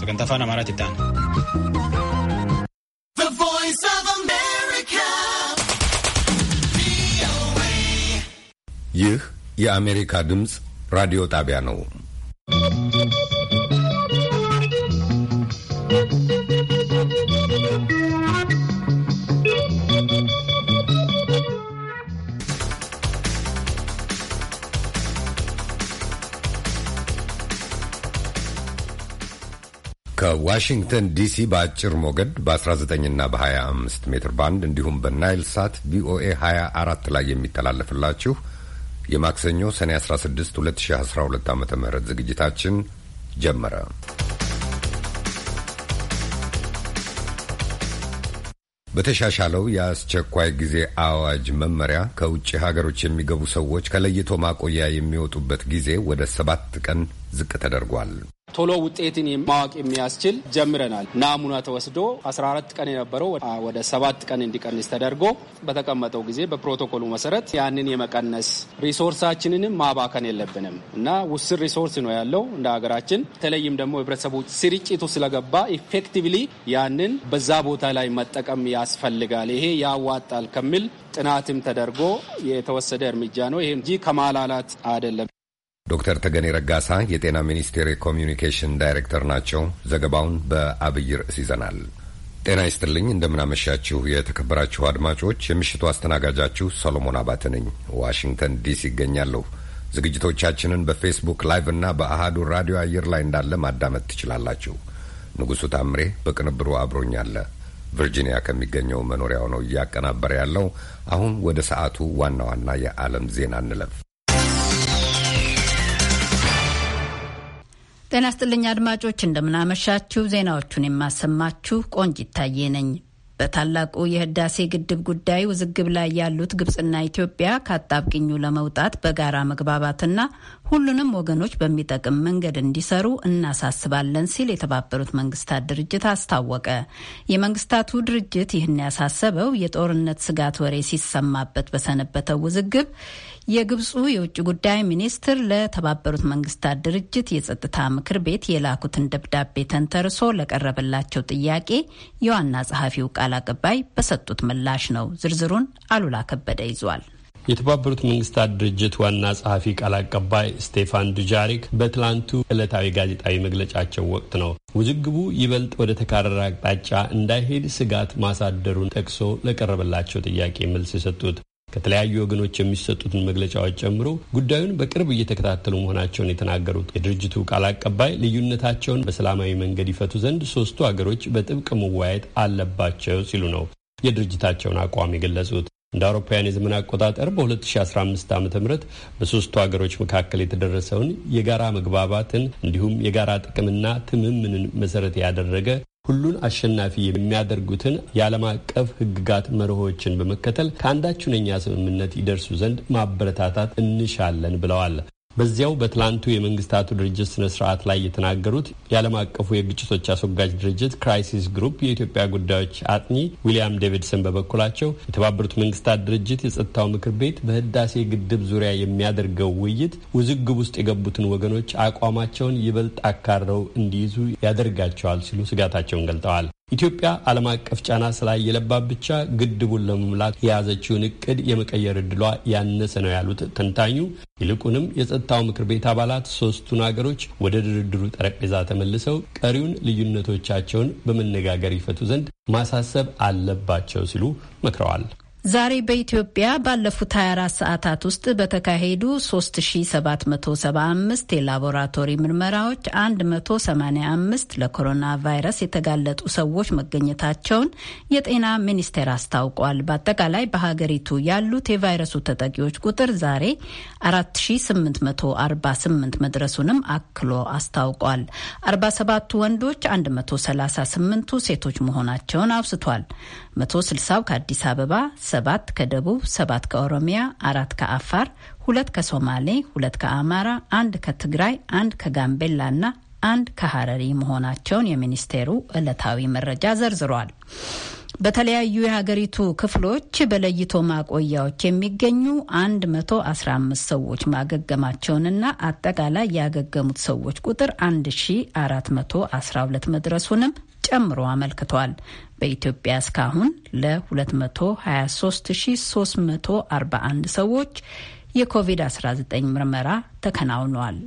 Sagantaa afaan Amaaraatiin ta'an. ይህ የአሜሪካ ድምፅ ራዲዮ ጣቢያ ነው። ዋሽንግተን ዲሲ በአጭር ሞገድ በ19 እና በ25 ሜትር ባንድ እንዲሁም በናይል ሳት ቪኦኤ 24 ላይ የሚተላለፍላችሁ የማክሰኞ ሰኔ 16 2012 ዓ ም ዝግጅታችን ጀመረ። በተሻሻለው የአስቸኳይ ጊዜ አዋጅ መመሪያ ከውጭ ሀገሮች የሚገቡ ሰዎች ከለይቶ ማቆያ የሚወጡበት ጊዜ ወደ ሰባት ቀን ዝቅ ተደርጓል። ቶሎ ውጤትን ማወቅ የሚያስችል ጀምረናል። ናሙና ተወስዶ 14 ቀን የነበረው ወደ ሰባት ቀን እንዲቀንስ ተደርጎ በተቀመጠው ጊዜ በፕሮቶኮሉ መሰረት ያንን የመቀነስ ሪሶርሳችንንም ማባከን የለብንም እና ውስን ሪሶርስ ነው ያለው እንደ ሀገራችን። በተለይም ደግሞ ህብረተሰቡ ስርጭቱ ስለገባ ኢፌክቲቭሊ ያንን በዛ ቦታ ላይ መጠቀም ያስፈልጋል። ይሄ ያዋጣል ከሚል ጥናትም ተደርጎ የተወሰደ እርምጃ ነው። ይሄ እንጂ ከማላላት አይደለም። ዶክተር ተገኔ ረጋሳ የጤና ሚኒስቴር የኮሚኒኬሽን ዳይሬክተር ናቸው። ዘገባውን በአብይ ርዕስ ይዘናል። ጤና ይስጥልኝ፣ እንደምናመሻችሁ የተከበራችሁ አድማጮች። የምሽቱ አስተናጋጃችሁ ሰሎሞን አባተ ነኝ። ዋሽንግተን ዲሲ ይገኛለሁ። ዝግጅቶቻችንን በፌስቡክ ላይቭ እና በአሃዱ ራዲዮ አየር ላይ እንዳለ ማዳመጥ ትችላላችሁ። ንጉሡ ታምሬ በቅንብሩ አብሮኛለ። ቨርጂኒያ ከሚገኘው መኖሪያው ነው እያቀናበረ ያለው። አሁን ወደ ሰዓቱ ዋና ዋና የዓለም ዜና እንለፍ። ጤና ስጥልኝ አድማጮች፣ እንደምናመሻችሁ። ዜናዎቹን የማሰማችሁ ቆንጅ ይታየ ነኝ። በታላቁ የህዳሴ ግድብ ጉዳይ ውዝግብ ላይ ያሉት ግብጽና ኢትዮጵያ ከአጣብቅኙ ለመውጣት በጋራ መግባባትና ሁሉንም ወገኖች በሚጠቅም መንገድ እንዲሰሩ እናሳስባለን ሲል የተባበሩት መንግስታት ድርጅት አስታወቀ። የመንግስታቱ ድርጅት ይህን ያሳሰበው የጦርነት ስጋት ወሬ ሲሰማበት በሰነበተው ውዝግብ የግብፁ የውጭ ጉዳይ ሚኒስትር ለተባበሩት መንግስታት ድርጅት የጸጥታ ምክር ቤት የላኩትን ደብዳቤ ተንተርሶ ለቀረበላቸው ጥያቄ የዋና ጸሐፊው ቃል አቀባይ በሰጡት ምላሽ ነው። ዝርዝሩን አሉላ ከበደ ይዟል። የተባበሩት መንግስታት ድርጅት ዋና ጸሐፊ ቃል አቀባይ ስቴፋን ዱጃሪክ በትላንቱ ዕለታዊ ጋዜጣዊ መግለጫቸው ወቅት ነው ውዝግቡ ይበልጥ ወደ ተካረረ አቅጣጫ እንዳይሄድ ስጋት ማሳደሩን ጠቅሶ ለቀረበላቸው ጥያቄ መልስ የሰጡት ከተለያዩ ወገኖች የሚሰጡትን መግለጫዎች ጨምሮ ጉዳዩን በቅርብ እየተከታተሉ መሆናቸውን የተናገሩት የድርጅቱ ቃል አቀባይ ልዩነታቸውን በሰላማዊ መንገድ ይፈቱ ዘንድ ሶስቱ አገሮች በጥብቅ መወያየት አለባቸው ሲሉ ነው የድርጅታቸውን አቋም የገለጹት። እንደ አውሮፓውያን የዘመን አቆጣጠር በ2015 ዓ ም በሶስቱ ሀገሮች መካከል የተደረሰውን የጋራ መግባባትን እንዲሁም የጋራ ጥቅምና ትምምንን መሰረት ያደረገ ሁሉን አሸናፊ የሚያደርጉትን የዓለም አቀፍ ሕግጋት መርሆችን በመከተል ከአንዳች ሁነኛ ስምምነት ይደርሱ ዘንድ ማበረታታት እንሻለን ብለዋል። በዚያው በትላንቱ የመንግስታቱ ድርጅት ስነ ስርዓት ላይ የተናገሩት የዓለም አቀፉ የግጭቶች አስወጋጅ ድርጅት ክራይሲስ ግሩፕ የኢትዮጵያ ጉዳዮች አጥኚ ዊሊያም ዴቪድሰን በበኩላቸው የተባበሩት መንግስታት ድርጅት የጸጥታው ምክር ቤት በህዳሴ ግድብ ዙሪያ የሚያደርገው ውይይት ውዝግብ ውስጥ የገቡትን ወገኖች አቋማቸውን ይበልጥ አካረው እንዲይዙ ያደርጋቸዋል ሲሉ ስጋታቸውን ገልጠዋል። ኢትዮጵያ ዓለም አቀፍ ጫና ስላየለባት ብቻ ግድቡን ለመሙላት የያዘችውን እቅድ የመቀየር እድሏ ያነሰ ነው ያሉት ተንታኙ፣ ይልቁንም የጸጥታው ምክር ቤት አባላት ሶስቱን አገሮች ወደ ድርድሩ ጠረጴዛ ተመልሰው ቀሪውን ልዩነቶቻቸውን በመነጋገር ይፈቱ ዘንድ ማሳሰብ አለባቸው ሲሉ መክረዋል። ዛሬ በኢትዮጵያ ባለፉት 24 ሰዓታት ውስጥ በተካሄዱ 3775 የላቦራቶሪ ምርመራዎች 185 ለኮሮና ቫይረስ የተጋለጡ ሰዎች መገኘታቸውን የጤና ሚኒስቴር አስታውቋል። በአጠቃላይ በሀገሪቱ ያሉት የቫይረሱ ተጠቂዎች ቁጥር ዛሬ 4848 መድረሱንም አክሎ አስታውቋል። 47ቱ ወንዶች፣ 138ቱ ሴቶች መሆናቸውን አውስቷል። መቶ 160 ከአዲስ አበባ፣ ሰባት ከደቡብ፣ ሰባት ከኦሮሚያ፣ አራት ከአፋር፣ ሁለት ከሶማሌ፣ ሁለት ከአማራ፣ አንድ ከትግራይ፣ አንድ ከጋምቤላ እና አንድ ከሀረሪ መሆናቸውን የሚኒስቴሩ ዕለታዊ መረጃ ዘርዝሯል። በተለያዩ የሀገሪቱ ክፍሎች በለይቶ ማቆያዎች የሚገኙ 115 ሰዎች ማገገማቸውንና አጠቃላይ ያገገሙት ሰዎች ቁጥር 1412 መድረሱንም ጨምሮ አመልክቷል። በኢትዮጵያ እስካሁን ለ223341 ሰዎች የኮቪድ-19 ምርመራ ተከናውኗል።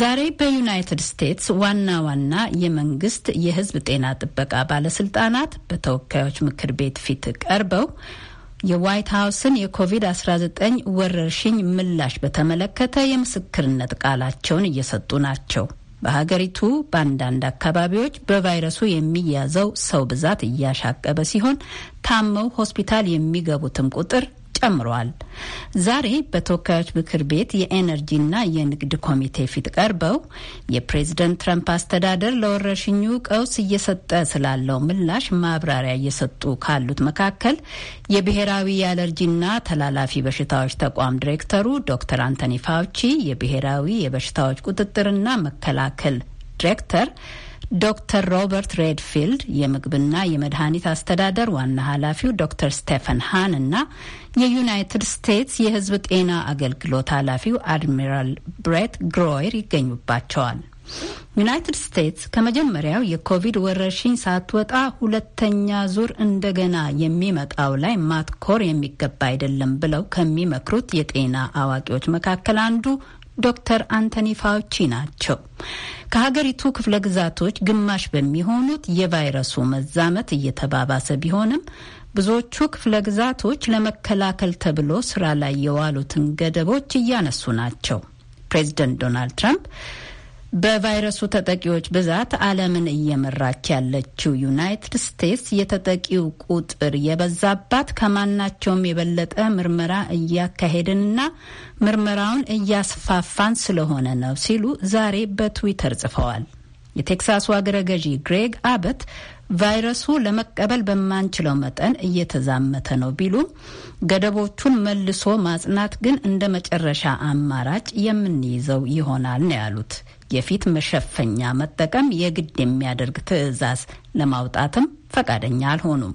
ዛሬ በዩናይትድ ስቴትስ ዋና ዋና የመንግስት የህዝብ ጤና ጥበቃ ባለስልጣናት በተወካዮች ምክር ቤት ፊት ቀርበው የዋይት ሀውስን የኮቪድ-19 ወረርሽኝ ምላሽ በተመለከተ የምስክርነት ቃላቸውን እየሰጡ ናቸው። በሀገሪቱ በአንዳንድ አካባቢዎች በቫይረሱ የሚያዘው ሰው ብዛት እያሻቀበ ሲሆን ታመው ሆስፒታል የሚገቡትም ቁጥር ጨምሯል። ዛሬ በተወካዮች ምክር ቤት የኤነርጂና የንግድ ኮሚቴ ፊት ቀርበው የፕሬዝደንት ትራምፕ አስተዳደር ለወረርሽኙ ቀውስ እየሰጠ ስላለው ምላሽ ማብራሪያ እየሰጡ ካሉት መካከል የብሔራዊ የአለርጂና ተላላፊ በሽታዎች ተቋም ዲሬክተሩ ዶክተር አንቶኒ ፋውቺ፣ የብሔራዊ የበሽታዎች ቁጥጥርና መከላከል ዲሬክተር ዶክተር ሮበርት ሬድፊልድ የምግብና የመድኃኒት አስተዳደር ዋና ኃላፊው ዶክተር ስቴፈን ሃን እና የዩናይትድ ስቴትስ የሕዝብ ጤና አገልግሎት ኃላፊው አድሚራል ብሬት ግሮይር ይገኙባቸዋል። ዩናይትድ ስቴትስ ከመጀመሪያው የኮቪድ ወረርሽኝ ሳትወጣ ሁለተኛ ዙር እንደገና የሚመጣው ላይ ማትኮር የሚገባ አይደለም ብለው ከሚመክሩት የጤና አዋቂዎች መካከል አንዱ ዶክተር አንቶኒ ፋውቺ ናቸው። ከሀገሪቱ ክፍለ ግዛቶች ግማሽ በሚሆኑት የቫይረሱ መዛመት እየተባባሰ ቢሆንም ብዙዎቹ ክፍለ ግዛቶች ለመከላከል ተብሎ ስራ ላይ የዋሉትን ገደቦች እያነሱ ናቸው። ፕሬዚደንት ዶናልድ ትራምፕ በቫይረሱ ተጠቂዎች ብዛት ዓለምን እየመራች ያለችው ዩናይትድ ስቴትስ የተጠቂው ቁጥር የበዛባት ከማናቸውም የበለጠ ምርመራ እያካሄድንና ምርመራውን እያስፋፋን ስለሆነ ነው ሲሉ ዛሬ በትዊተር ጽፈዋል። የቴክሳሱ አገረ ገዢ ግሬግ አበት ቫይረሱ ለመቀበል በማንችለው መጠን እየተዛመተ ነው ቢሉም ገደቦቹን መልሶ ማጽናት ግን እንደ መጨረሻ አማራጭ የምንይዘው ይሆናል ነው ያሉት። የፊት መሸፈኛ መጠቀም የግድ የሚያደርግ ትዕዛዝ ለማውጣትም ፈቃደኛ አልሆኑም።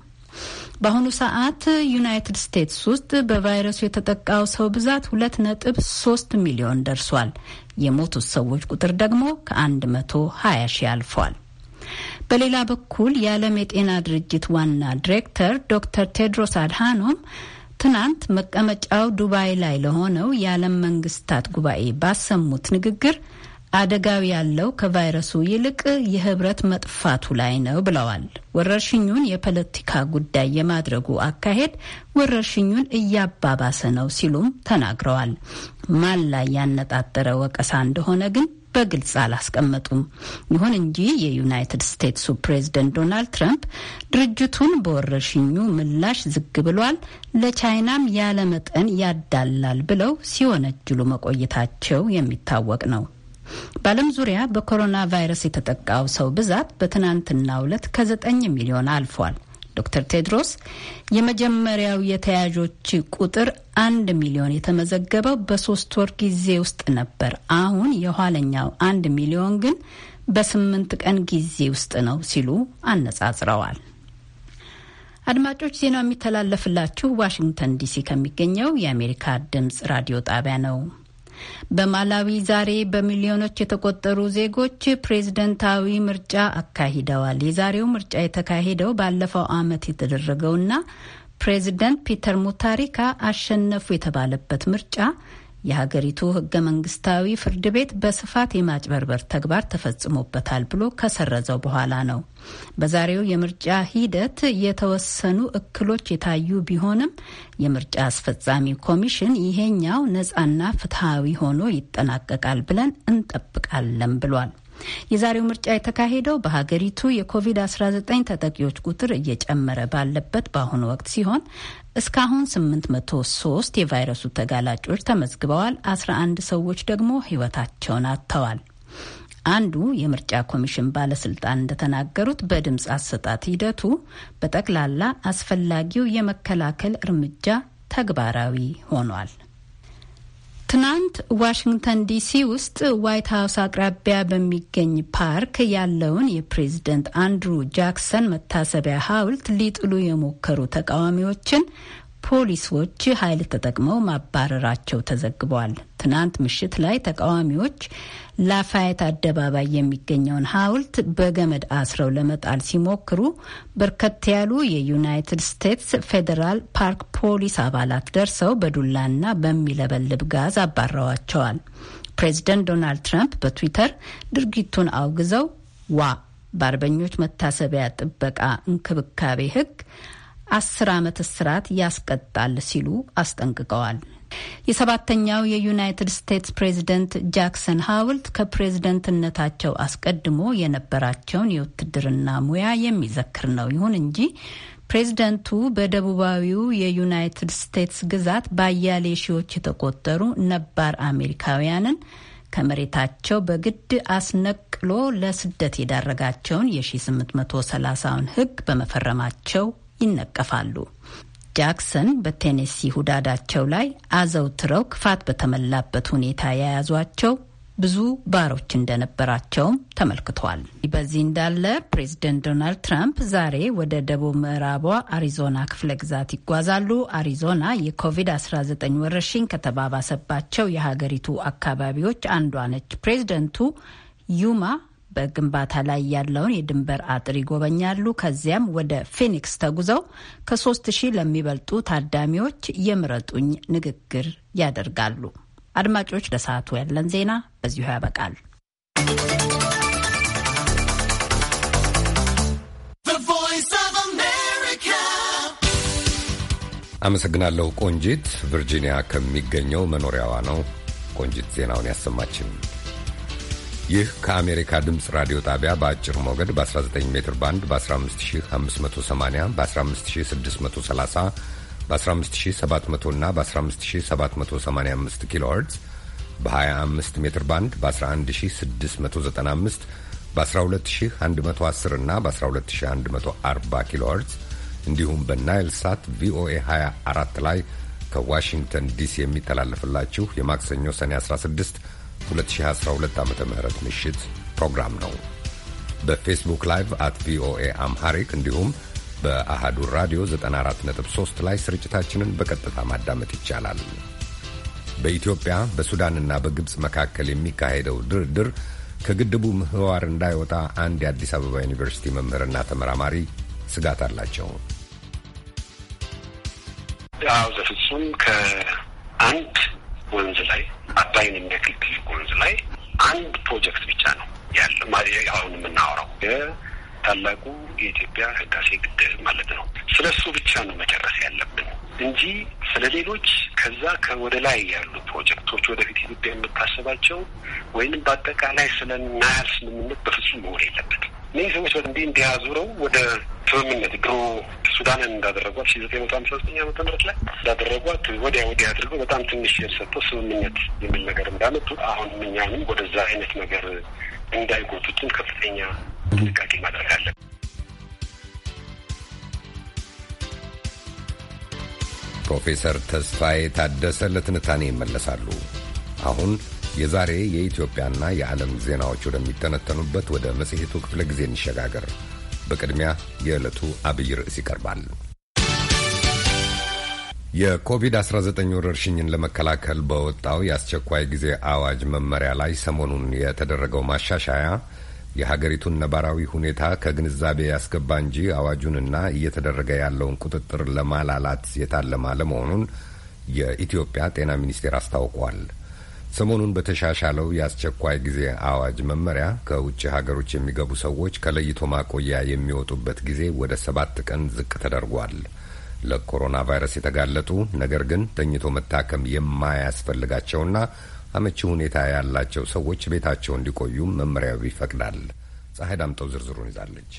በአሁኑ ሰዓት ዩናይትድ ስቴትስ ውስጥ በቫይረሱ የተጠቃው ሰው ብዛት ሁለት ነጥብ ሶስት ሚሊዮን ደርሷል። የሞቱት ሰዎች ቁጥር ደግሞ ከአንድ መቶ ሀያ ሺህ አልፏል። በሌላ በኩል የዓለም የጤና ድርጅት ዋና ዲሬክተር ዶክተር ቴድሮስ አድሃኖም ትናንት መቀመጫው ዱባይ ላይ ለሆነው የዓለም መንግስታት ጉባኤ ባሰሙት ንግግር አደጋው ያለው ከቫይረሱ ይልቅ የህብረት መጥፋቱ ላይ ነው ብለዋል። ወረርሽኙን የፖለቲካ ጉዳይ የማድረጉ አካሄድ ወረርሽኙን እያባባሰ ነው ሲሉም ተናግረዋል። ማን ላይ ያነጣጠረ ወቀሳ እንደሆነ ግን በግልጽ አላስቀመጡም። ይሁን እንጂ የዩናይትድ ስቴትሱ ፕሬዝደንት ዶናልድ ትራምፕ ድርጅቱን በወረርሽኙ ምላሽ ዝግ ብሏል፣ ለቻይናም ያለመጠን ያዳላል ብለው ሲወነጅሉ መቆየታቸው የሚታወቅ ነው። በዓለም ዙሪያ በኮሮና ቫይረስ የተጠቃው ሰው ብዛት በትናንትናው ዕለት ከዘጠኝ ሚሊዮን አልፏል። ዶክተር ቴድሮስ የመጀመሪያው የተያዦች ቁጥር አንድ ሚሊዮን የተመዘገበው በሶስት ወር ጊዜ ውስጥ ነበር። አሁን የኋለኛው አንድ ሚሊዮን ግን በስምንት ቀን ጊዜ ውስጥ ነው ሲሉ አነጻጽረዋል። አድማጮች ዜናው የሚተላለፍላችሁ ዋሽንግተን ዲሲ ከሚገኘው የአሜሪካ ድምጽ ራዲዮ ጣቢያ ነው። በማላዊ ዛሬ በሚሊዮኖች የተቆጠሩ ዜጎች ፕሬዝደንታዊ ምርጫ አካሂደዋል። የዛሬው ምርጫ የተካሄደው ባለፈው ዓመት የተደረገውና ፕሬዝደንት ፒተር ሙታሪካ አሸነፉ የተባለበት ምርጫ የሀገሪቱ ህገ መንግስታዊ ፍርድ ቤት በስፋት የማጭበርበር ተግባር ተፈጽሞበታል ብሎ ከሰረዘው በኋላ ነው። በዛሬው የምርጫ ሂደት የተወሰኑ እክሎች የታዩ ቢሆንም የምርጫ አስፈጻሚ ኮሚሽን ይሄኛው ነጻና ፍትሐዊ ሆኖ ይጠናቀቃል ብለን እንጠብቃለን ብሏል። የዛሬው ምርጫ የተካሄደው በሀገሪቱ የኮቪድ-19 ተጠቂዎች ቁጥር እየጨመረ ባለበት በአሁኑ ወቅት ሲሆን እስካሁን 803 የቫይረሱ ተጋላጮች ተመዝግበዋል። 11 ሰዎች ደግሞ ሕይወታቸውን አጥተዋል። አንዱ የምርጫ ኮሚሽን ባለስልጣን እንደተናገሩት በድምፅ አሰጣት ሂደቱ በጠቅላላ አስፈላጊው የመከላከል እርምጃ ተግባራዊ ሆኗል። ትናንት ዋሽንግተን ዲሲ ውስጥ ዋይት ሀውስ አቅራቢያ በሚገኝ ፓርክ ያለውን የፕሬዝደንት አንድሩ ጃክሰን መታሰቢያ ሐውልት ሊጥሉ የሞከሩ ተቃዋሚዎችን ፖሊሶች ኃይል ተጠቅመው ማባረራቸው ተዘግቧል። ትናንት ምሽት ላይ ተቃዋሚዎች ላፋየት አደባባይ የሚገኘውን ሐውልት በገመድ አስረው ለመጣል ሲሞክሩ በርከት ያሉ የዩናይትድ ስቴትስ ፌዴራል ፓርክ ፖሊስ አባላት ደርሰው በዱላና በሚለበልብ ጋዝ አባረዋቸዋል። ፕሬዚደንት ዶናልድ ትራምፕ በትዊተር ድርጊቱን አውግዘው ዋ በአርበኞች መታሰቢያ ጥበቃ እንክብካቤ ሕግ አስር ዓመት እስራት ያስቀጣል ሲሉ አስጠንቅቀዋል። የሰባተኛው የዩናይትድ ስቴትስ ፕሬዝደንት ጃክሰን ሀውልት ከፕሬዝደንትነታቸው አስቀድሞ የነበራቸውን የውትድርና ሙያ የሚዘክር ነው። ይሁን እንጂ ፕሬዝደንቱ በደቡባዊው የዩናይትድ ስቴትስ ግዛት በአያሌ ሺዎች የተቆጠሩ ነባር አሜሪካውያንን ከመሬታቸው በግድ አስነቅሎ ለስደት የዳረጋቸውን የ 1830 ውን ሕግ በመፈረማቸው ይነቀፋሉ። ጃክሰን በቴኔሲ ሁዳዳቸው ላይ አዘውትረው ክፋት በተመላበት ሁኔታ የያዟቸው ብዙ ባሮች እንደነበራቸውም ተመልክቷል። በዚህ እንዳለ ፕሬዚደንት ዶናልድ ትራምፕ ዛሬ ወደ ደቡብ ምዕራቧ አሪዞና ክፍለ ግዛት ይጓዛሉ። አሪዞና የኮቪድ-19 ወረርሽኝ ከተባባሰባቸው የሀገሪቱ አካባቢዎች አንዷ ነች። ፕሬዚደንቱ ዩማ በግንባታ ላይ ያለውን የድንበር አጥር ይጎበኛሉ። ከዚያም ወደ ፊኒክስ ተጉዘው ከሶስት ሺህ ለሚበልጡ ታዳሚዎች የምረጡኝ ንግግር ያደርጋሉ። አድማጮች፣ ለሰዓቱ ያለን ዜና በዚሁ ያበቃል። አመሰግናለሁ ቆንጂት። ቨርጂኒያ ከሚገኘው መኖሪያዋ ነው ቆንጂት ዜናውን ያሰማችን። ይህ ከአሜሪካ ድምፅ ራዲዮ ጣቢያ በአጭር ሞገድ በ19 ሜትር ባንድ በ15580 በ15630 በ15700 እና በ15785 ኪሎ ሄርትዝ በ25 ሜትር ባንድ በ11695 በ12110 እና በ12140 ኪሎ ሄርትዝ እንዲሁም በናይል ሳት ቪኦኤ 24 ላይ ከዋሽንግተን ዲሲ የሚተላለፍላችሁ የማክሰኞ ሰኔ 16 2012 ዓ ም ምሽት ፕሮግራም ነው። በፌስቡክ ላይቭ አት ቪኦኤ አምሃሪክ እንዲሁም በአሃዱ ራዲዮ 94.3 ላይ ስርጭታችንን በቀጥታ ማዳመጥ ይቻላል። በኢትዮጵያ በሱዳንና በግብፅ መካከል የሚካሄደው ድርድር ከግድቡ ምህዋር እንዳይወጣ አንድ የአዲስ አበባ ዩኒቨርሲቲ መምህርና ተመራማሪ ስጋት አላቸው። አዎ ዘፍጹም ከአንድ ወንዝ ላይ አባይን የሚያክል ትልቅ ወንዝ ላይ አንድ ፕሮጀክት ብቻ ነው ያለ አሁን የምናወራው ታላቁ የኢትዮጵያ ህዳሴ ግድብ ማለት ነው። ስለ እሱ ብቻ ነው መጨረስ ያለብን እንጂ ስለ ሌሎች ከዛ ከወደ ላይ ያሉ ፕሮጀክቶች ወደፊት ኢትዮጵያ የምታስባቸው ወይንም በአጠቃላይ ስለ ናያል ስምምነት በፍጹም መሆን የለበትም። እነዚህ ሰዎች እንዲህ እንዲህ አዙረው ወደ ስምምነት ድሮ ሱዳንን እንዳደረጓት ሺ ዘጠኝ መቶ አምሳ ዘጠኝ ዓመተ ምህረት ላይ እንዳደረጓት ወዲያ ወዲያ አድርገው በጣም ትንሽ የተሰጠው ስምምነት የሚል ነገር እንዳመጡ አሁን እኛንም ወደዛ አይነት ነገር እንዳይጎቱትን ከፍተኛ ጥንቃቄ ማድረግ አለብን። ፕሮፌሰር ተስፋዬ ታደሰ ለትንታኔ ይመለሳሉ። አሁን የዛሬ የኢትዮጵያና የዓለም ዜናዎች ወደሚተነተኑበት ወደ መጽሔቱ ክፍለ ጊዜ እንሸጋገር። በቅድሚያ የዕለቱ አብይ ርዕስ ይቀርባል። የኮቪድ-19 ወረርሽኝን ለመከላከል በወጣው የአስቸኳይ ጊዜ አዋጅ መመሪያ ላይ ሰሞኑን የተደረገው ማሻሻያ የሀገሪቱን ነባራዊ ሁኔታ ከግንዛቤ ያስገባ እንጂ አዋጁንና እየተደረገ ያለውን ቁጥጥር ለማላላት የታለማ ለመሆኑን የኢትዮጵያ ጤና ሚኒስቴር አስታውቋል። ሰሞኑን በተሻሻለው የአስቸኳይ ጊዜ አዋጅ መመሪያ ከውጭ ሀገሮች የሚገቡ ሰዎች ከለይቶ ማቆያ የሚወጡበት ጊዜ ወደ ሰባት ቀን ዝቅ ተደርጓል። ለኮሮና ቫይረስ የተጋለጡ ነገር ግን ተኝቶ መታከም የማያስፈልጋቸውና አመቺ ሁኔታ ያላቸው ሰዎች ቤታቸው እንዲቆዩ መመሪያው ይፈቅዳል። ፀሐይ ዳምጠው ዝርዝሩን ይዛለች።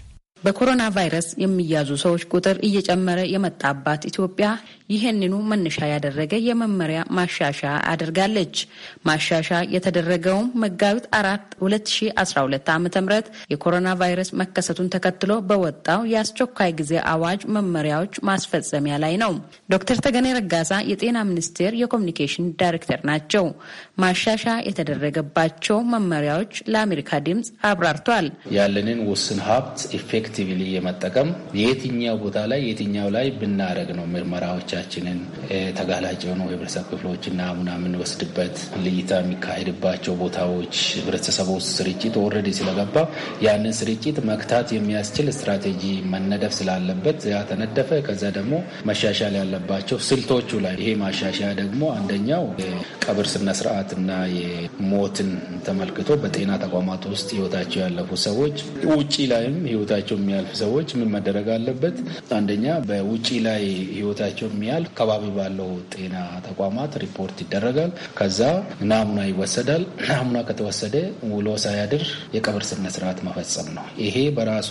በኮሮና ቫይረስ የሚያዙ ሰዎች ቁጥር እየጨመረ የመጣባት ኢትዮጵያ ይህንኑ መነሻ ያደረገ የመመሪያ ማሻሻያ አድርጋለች። ማሻሻያ የተደረገውም መጋቢት አራት 2012 ዓ ም የኮሮና ቫይረስ መከሰቱን ተከትሎ በወጣው የአስቸኳይ ጊዜ አዋጅ መመሪያዎች ማስፈጸሚያ ላይ ነው። ዶክተር ተገኔ ረጋሳ የጤና ሚኒስቴር የኮሚኒኬሽን ዳይሬክተር ናቸው። ማሻሻያ የተደረገባቸው መመሪያዎች ለአሜሪካ ድምፅ አብራርቷል። ያለንን ውስን ሀብት ኢፌክቲቭሊ የመጠቀም የትኛው ቦታ ላይ የትኛው ላይ ብናደረግ ነው ምርመራዎቻችንን ተጋላጭ የሆኑ ህብረተሰብ ክፍሎችና ናሙና የምንወስድበት ልይታ የሚካሄድባቸው ቦታዎች ህብረተሰቡ ስርጭት ኦልሬዲ ስለገባ ያንን ስርጭት መክታት የሚያስችል ስትራቴጂ መነደፍ ስላለበት ያ ተነደፈ። ከዛ ደግሞ መሻሻል ያለባቸው ስልቶቹ ላይ ይሄ ማሻሻያ ደግሞ አንደኛው ቀብር ስነስርዓት ጥፋትና የሞትን ተመልክቶ በጤና ተቋማት ውስጥ ህይወታቸው ያለፉ ሰዎች፣ ውጪ ላይም ህይወታቸው የሚያልፍ ሰዎች ምን መደረግ አለበት? አንደኛ በውጪ ላይ ህይወታቸው የሚያልፍ ከባቢ ባለው ጤና ተቋማት ሪፖርት ይደረጋል። ከዛ ናሙና ይወሰዳል። ናሙና ከተወሰደ ውሎ ሳያድር የቀብር ስነስርዓት መፈጸም ነው። ይሄ በራሱ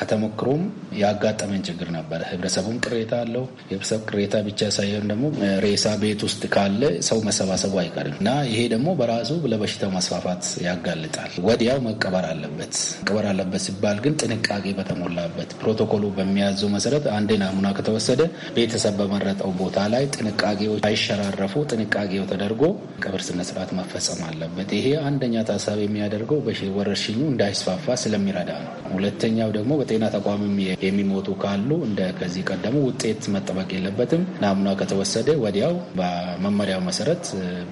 ከተሞክሮም ያጋጠመን ችግር ነበረ። ህብረተሰቡም ቅሬታ አለው። የህብረተሰብ ቅሬታ ብቻ ሳይሆን ደግሞ ሬሳ ቤት ውስጥ ካለ ሰው መሰባሰቡ አይቀርም እና ይሄ ደግሞ በራሱ ለበሽታው መስፋፋት ያጋልጣል። ወዲያው መቀበር አለበት። መቀበር አለበት ሲባል ግን ጥንቃቄ በተሞላበት ፕሮቶኮሉ በሚያዘው መሰረት አንዴ ናሙና ከተወሰደ ቤተሰብ በመረጠው ቦታ ላይ ጥንቃቄዎች አይሸራረፉ ጥንቃቄው ተደርጎ ቀብር ስነስርዓት መፈጸም አለበት። ይሄ አንደኛ ታሳቢ የሚያደርገው ወረርሽኙ እንዳይስፋፋ ስለሚረዳ ነው። ሁለተኛው ደግሞ በጤና ተቋም የሚሞቱ ካሉ እንደ ከዚህ ቀደሙ ውጤት መጠበቅ የለበትም። ናሙና ከተወሰደ ወዲያው በመመሪያው መሰረት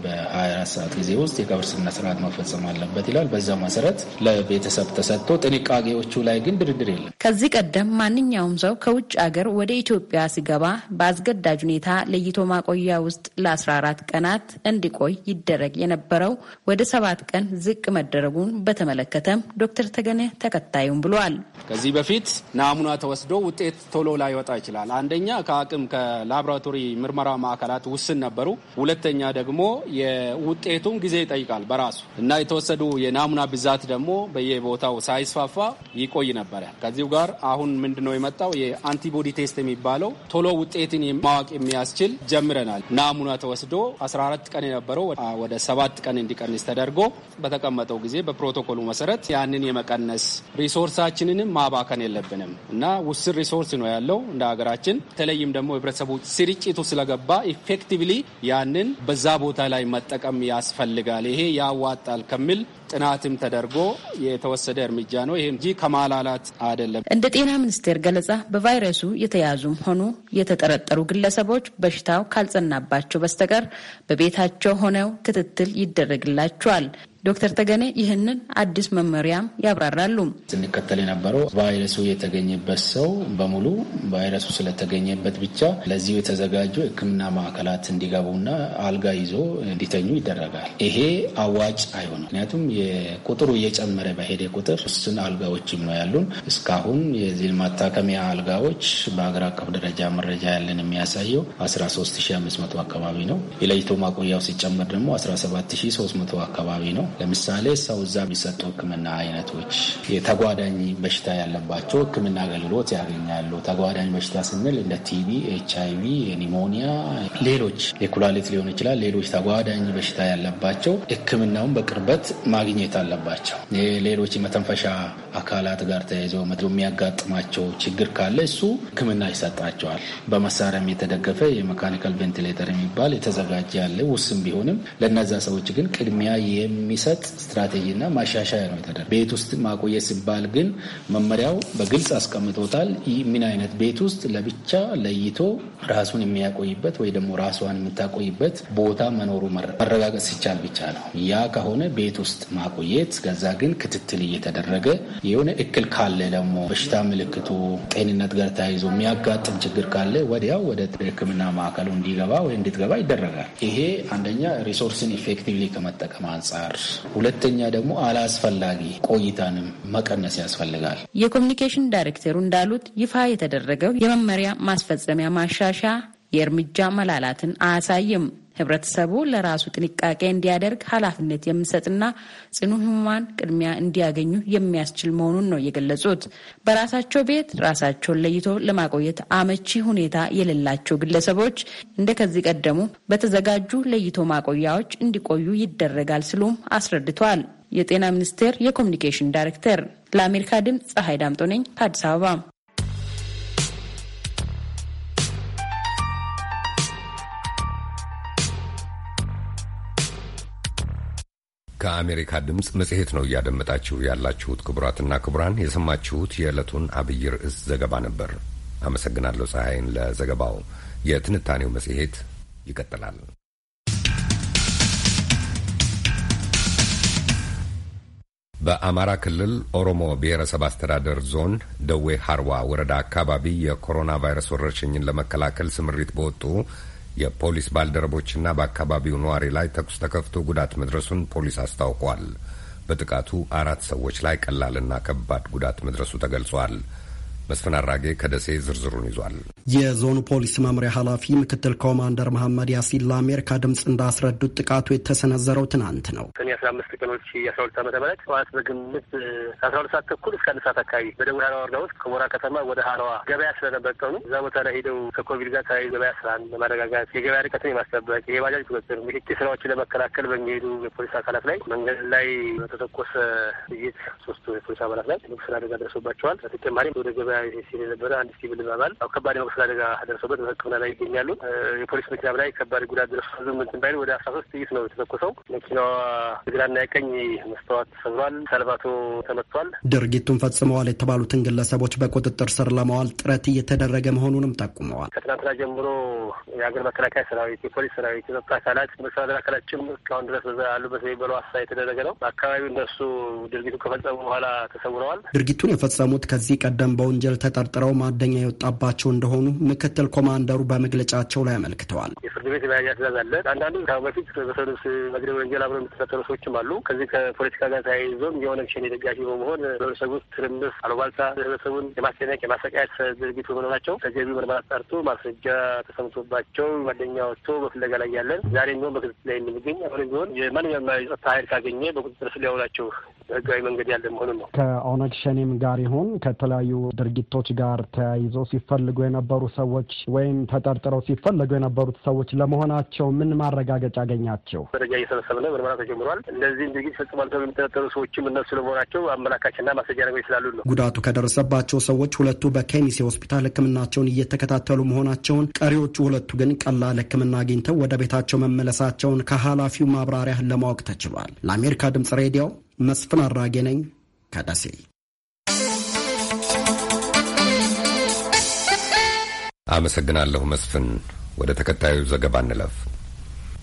በ24 ሰዓት ጊዜ ውስጥ የቀብር ስነ ስርዓት መፈጸም አለበት ይላል። በዛው መሰረት ለቤተሰብ ተሰጥቶ ጥንቃቄዎቹ ላይ ግን ድርድር የለም። ከዚህ ቀደም ማንኛውም ሰው ከውጭ አገር ወደ ኢትዮጵያ ሲገባ በአስገዳጅ ሁኔታ ለይቶ ማቆያ ውስጥ ለ14 ቀናት እንዲቆይ ይደረግ የነበረው ወደ ሰባት ቀን ዝቅ መደረጉን በተመለከተም ዶክተር ተገነ ተከታዩም ብሏል። ከዚህ በፊት ናሙና ተወስዶ ውጤት ቶሎ ላይወጣ ይችላል። አንደኛ ከአቅም ከላቦራቶሪ ምርመራ ማዕከላት ውስን ነበሩ። ሁለተኛ ደግሞ ውጤቱም ጊዜ ይጠይቃል በራሱ እና የተወሰዱ የናሙና ብዛት ደግሞ በየቦታው ሳይስፋፋ ይቆይ ነበረ። ከዚሁ ጋር አሁን ምንድነው የመጣው የአንቲቦዲ ቴስት የሚባለው ቶሎ ውጤትን ማወቅ የሚያስችል ጀምረናል። ናሙና ተወስዶ 14 ቀን የነበረው ወደ ሰባት ቀን እንዲቀንስ ተደርጎ በተቀመጠው ጊዜ በፕሮቶኮሉ መሰረት ያንን የመቀነስ ሪሶርሳችንንም ማባከን የለብንም እና ውስን ሪሶርስ ነው ያለው እንደ ሀገራችን። በተለይም ደግሞ ህብረተሰቡ ስርጭቱ ስለገባ ኢፌክቲቭሊ ያንን በዛ ቦታ ላይ መጠቀም መጠቀም ያስፈልጋል፣ ይሄ ያዋጣል ከሚል ጥናትም ተደርጎ የተወሰደ እርምጃ ነው። ይሄ እንጂ ከማላላት አይደለም። እንደ ጤና ሚኒስቴር ገለጻ በቫይረሱ የተያዙም ሆኑ የተጠረጠሩ ግለሰቦች በሽታው ካልጸናባቸው በስተቀር በቤታቸው ሆነው ክትትል ይደረግላቸዋል። ዶክተር ተገኔ ይህንን አዲስ መመሪያም ያብራራሉ። ስንከተል የነበረው ቫይረሱ የተገኘበት ሰው በሙሉ ቫይረሱ ስለተገኘበት ብቻ ለዚሁ የተዘጋጁ ሕክምና ማዕከላት እንዲገቡና አልጋ ይዞ እንዲተኙ ይደረጋል። ይሄ አዋጭ አይሆንም። ምክንያቱም ቁጥሩ እየጨመረ በሄደ ቁጥር ውስን አልጋዎችም ነው ያሉን። እስካሁን የዚህን ማታከሚያ አልጋዎች በሀገር አቀፍ ደረጃ መረጃ ያለን የሚያሳየው 13500 አካባቢ ነው። የለይቶ ማቆያው ሲጨመር ደግሞ 17300 አካባቢ ነው። ለምሳሌ ሰው እዛ የሚሰጡ ህክምና አይነቶች የተጓዳኝ በሽታ ያለባቸው ህክምና አገልግሎት ያገኛሉ። ተጓዳኝ በሽታ ስንል እንደ ቲቪ፣ ኤች አይቪ፣ ኒሞኒያ፣ ሌሎች የኩላሊት ሊሆን ይችላል። ሌሎች ተጓዳኝ በሽታ ያለባቸው ህክምናውን በቅርበት ማግኘት አለባቸው። ሌሎች የመተንፈሻ አካላት ጋር ተያይዘው የሚያጋጥማቸው ችግር ካለ እሱ ህክምና ይሰጣቸዋል። በመሳሪያም የተደገፈ የመካኒካል ቬንቲሌተር የሚባል የተዘጋጀ ያለ ውስን ቢሆንም ለነዛ ሰዎች ግን ቅድሚያ የሚሰ የሚሰጥ ስትራቴጂና ማሻሻያ ነው የተደረገው። ቤት ውስጥ ማቆየት ሲባል ግን መመሪያው በግልጽ አስቀምጦታል። ምን አይነት ቤት ውስጥ ለብቻ ለይቶ ራሱን የሚያቆይበት ወይ ደግሞ ራሷን የምታቆይበት ቦታ መኖሩ መረጋገጥ ሲቻል ብቻ ነው። ያ ከሆነ ቤት ውስጥ ማቆየት፣ ከዛ ግን ክትትል እየተደረገ የሆነ እክል ካለ ደግሞ በሽታ ምልክቱ ጤንነት ጋር ተያይዞ የሚያጋጥም ችግር ካለ ወዲያው ወደ ሕክምና ማዕከሉ እንዲገባ ወይ እንድትገባ ይደረጋል። ይሄ አንደኛ ሪሶርስን ኢፌክቲቭሊ ከመጠቀም አንጻር ሁለተኛ ደግሞ አላስፈላጊ ቆይታንም መቀነስ ያስፈልጋል። የኮሚኒኬሽን ዳይሬክተሩ እንዳሉት ይፋ የተደረገው የመመሪያ ማስፈጸሚያ ማሻሻያ የእርምጃ መላላትን አያሳይም። ህብረተሰቡ ለራሱ ጥንቃቄ እንዲያደርግ ኃላፊነት የሚሰጥና ጽኑ ህሙማን ቅድሚያ እንዲያገኙ የሚያስችል መሆኑን ነው የገለጹት። በራሳቸው ቤት ራሳቸውን ለይቶ ለማቆየት አመቺ ሁኔታ የሌላቸው ግለሰቦች እንደ ከዚህ ቀደሙ በተዘጋጁ ለይቶ ማቆያዎች እንዲቆዩ ይደረጋል ሲሉም አስረድቷል። የጤና ሚኒስቴር የኮሚኒኬሽን ዳይሬክተር ለአሜሪካ ድምፅ ፀሐይ ዳምጦ ነኝ ከአዲስ አበባ ከአሜሪካ ድምፅ መጽሔት ነው እያደመጣችሁ ያላችሁት። ክቡራትና ክቡራን የሰማችሁት የዕለቱን አብይ ርዕስ ዘገባ ነበር። አመሰግናለሁ ፀሐይን ለዘገባው። የትንታኔው መጽሔት ይቀጥላል። በአማራ ክልል ኦሮሞ ብሔረሰብ አስተዳደር ዞን ደዌ ሀርዋ ወረዳ አካባቢ የኮሮና ቫይረስ ወረርሽኝን ለመከላከል ስምሪት በወጡ የፖሊስ ባልደረቦችና በአካባቢው ነዋሪ ላይ ተኩስ ተከፍቶ ጉዳት መድረሱን ፖሊስ አስታውቋል። በጥቃቱ አራት ሰዎች ላይ ቀላልና ከባድ ጉዳት መድረሱ ተገልጿል። መስፍን አራጌ ከደሴ ዝርዝሩን ይዟል። የዞኑ ፖሊስ መምሪያ ኃላፊ ምክትል ኮማንደር መሐመድ ያሲን ለአሜሪካ ድምፅ እንዳስረዱት ጥቃቱ የተሰነዘረው ትናንት ነው። ሰኔ አስራ አምስት ቀኖች የአስራ ሁለት ዓመተ ምህረት ጠዋት በግምት አስራ ሁለት ሰዓት ተኩል እስከ አንድ ሰዓት አካባቢ በደቡብ ሀረዋ ወረዳ ውስጥ ከሞራ ከተማ ወደ ሀረዋ ገበያ ስለነበር ቀኑ እዛ ቦታ ላይ ሄደው ከኮቪድ ጋር ተያዩ ገበያ ስራን ለማረጋጋት የገበያ ርቀትን የማስጠበቅ ይሄ ባጃጅ ቁጥጥር ምክት ስራዎችን ለመከላከል በሚሄዱ የፖሊስ አካላት ላይ መንገድ ላይ በተተኮሰ ጥይት ሶስቱ የፖሊስ አባላት ላይ ንጉስን አደጋ ደርሶባቸዋል። በተጨማሪም ወደ ገበያ ሲል የነበረ አንድ ሲቪል አባል ከባድ የመቁሰል አደጋ ደርሶበት በሕክምና ላይ ይገኛሉ። የፖሊስ መኪና ላይ ከባድ ጉዳት ደርሶ ብዙም እንትን ባይል ወደ አስራ ሶስት ጥይት ነው የተተኮሰው። መኪናዋ ግራና የቀኝ መስተዋት ተሰብሯል፣ ሰልባቶ ተመቷል። ድርጊቱን ፈጽመዋል የተባሉትን ግለሰቦች በቁጥጥር ስር ለማዋል ጥረት እየተደረገ መሆኑንም ጠቁመዋል። ከትናንትና ጀምሮ የሀገር መከላከያ ሰራዊት፣ የፖሊስ ሰራዊት፣ የጸጥታ አካላት መሰናደር አካላት ጭምር እስካሁን ድረስ በዛ ያሉበት በሚበሉ አሳ የተደረገ ነው። በአካባቢው እነሱ ድርጊቱ ከፈጸሙ በኋላ ተሰውረዋል። ድርጊቱን የፈጸሙት ከዚህ ቀደም በወንጀል ወንጀል ተጠርጥረው ማደኛ የወጣባቸው እንደሆኑ ምክትል ኮማንደሩ በመግለጫቸው ላይ አመልክተዋል። የፍርድ ቤት የመያዣ ትእዛዝ አለ። አንዳንዱ ከአሁን በፊት በሰው ልብስ መግደል ወንጀል አብረው የሚተሳሰሩ ሰዎችም አሉ። ከዚህ ከፖለቲካ ጋር ተያይዞም የሆነ ሸኔ ደጋፊ በመሆን በህብረተሰቡ ውስጥ ትርምስ፣ አሉባልታ ህብረተሰቡን የማስጨነቅ የማሰቃየት ድርጊት በመሆናቸው ተገቢ ምርመራ ጠርቶ ማስረጃ ተሰምቶባቸው ጓደኛ ወጥቶ በፍለጋ ላይ ያለን ዛሬ ቢሆን በክትትል ላይ የምንገኝ አሁንም ቢሆን የማንኛውም የጸጥታ ኃይል ካገኘ በቁጥጥር ስር ሊያውላቸው ህጋዊ መንገድ ያለ መሆኑን ነው። ከኦነግ ሸኔም ጋር ይሁን ከተለያዩ ድርጊ ድርጊቶች ጋር ተያይዞ ሲፈልጉ የነበሩ ሰዎች ወይም ተጠርጥረው ሲፈልጉ የነበሩት ሰዎች ለመሆናቸው ምን ማረጋገጫ አገኛቸው? መረጃ እየሰበሰብን ነው። ምርመራ ተጀምሯል። እንደዚህም ድርጊት ፈጽሟል ተብሎ የሚጠረጠሩ ሰዎችም እነሱ ለመሆናቸው አመላካችና ማስረጃ ነገሮች ስላሉ ነው። ጉዳቱ ከደረሰባቸው ሰዎች ሁለቱ በኬሚሴ ሆስፒታል ሕክምናቸውን እየተከታተሉ መሆናቸውን፣ ቀሪዎቹ ሁለቱ ግን ቀላል ሕክምና አግኝተው ወደ ቤታቸው መመለሳቸውን ከኃላፊው ማብራሪያ ለማወቅ ተችሏል። ለአሜሪካ ድምጽ ሬዲዮ መስፍን አራጌ ነኝ ከደሴ። አመሰግናለሁ መስፍን። ወደ ተከታዩ ዘገባ እንለፍ።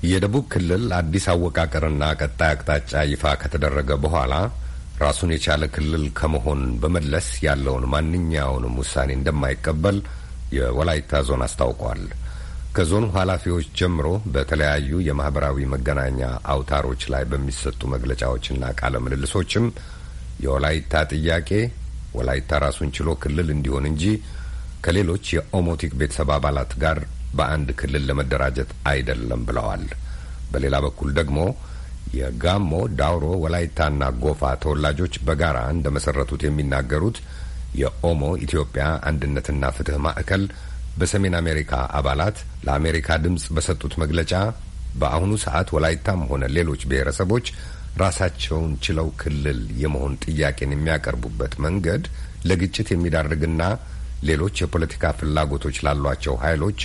የደቡብ ክልል አዲስ አወቃቀርና ቀጣይ አቅጣጫ ይፋ ከተደረገ በኋላ ራሱን የቻለ ክልል ከመሆን በመለስ ያለውን ማንኛውንም ውሳኔ እንደማይቀበል የወላይታ ዞን አስታውቋል። ከዞኑ ኃላፊዎች ጀምሮ በተለያዩ የማህበራዊ መገናኛ አውታሮች ላይ በሚሰጡ መግለጫዎችና ቃለ ምልልሶችም የወላይታ ጥያቄ ወላይታ ራሱን ችሎ ክልል እንዲሆን እንጂ ከሌሎች የኦሞቲክ ቤተሰብ አባላት ጋር በአንድ ክልል ለመደራጀት አይደለም ብለዋል። በሌላ በኩል ደግሞ የጋሞ ዳውሮ፣ ወላይታና ጎፋ ተወላጆች በጋራ እንደ መሰረቱት የሚናገሩት የኦሞ ኢትዮጵያ አንድነትና ፍትህ ማዕከል በሰሜን አሜሪካ አባላት ለአሜሪካ ድምፅ በሰጡት መግለጫ በአሁኑ ሰዓት ወላይታም ሆነ ሌሎች ብሔረሰቦች ራሳቸውን ችለው ክልል የመሆን ጥያቄን የሚያቀርቡበት መንገድ ለግጭት የሚዳርግና ሌሎች የፖለቲካ ፍላጎቶች ላሏቸው ኃይሎች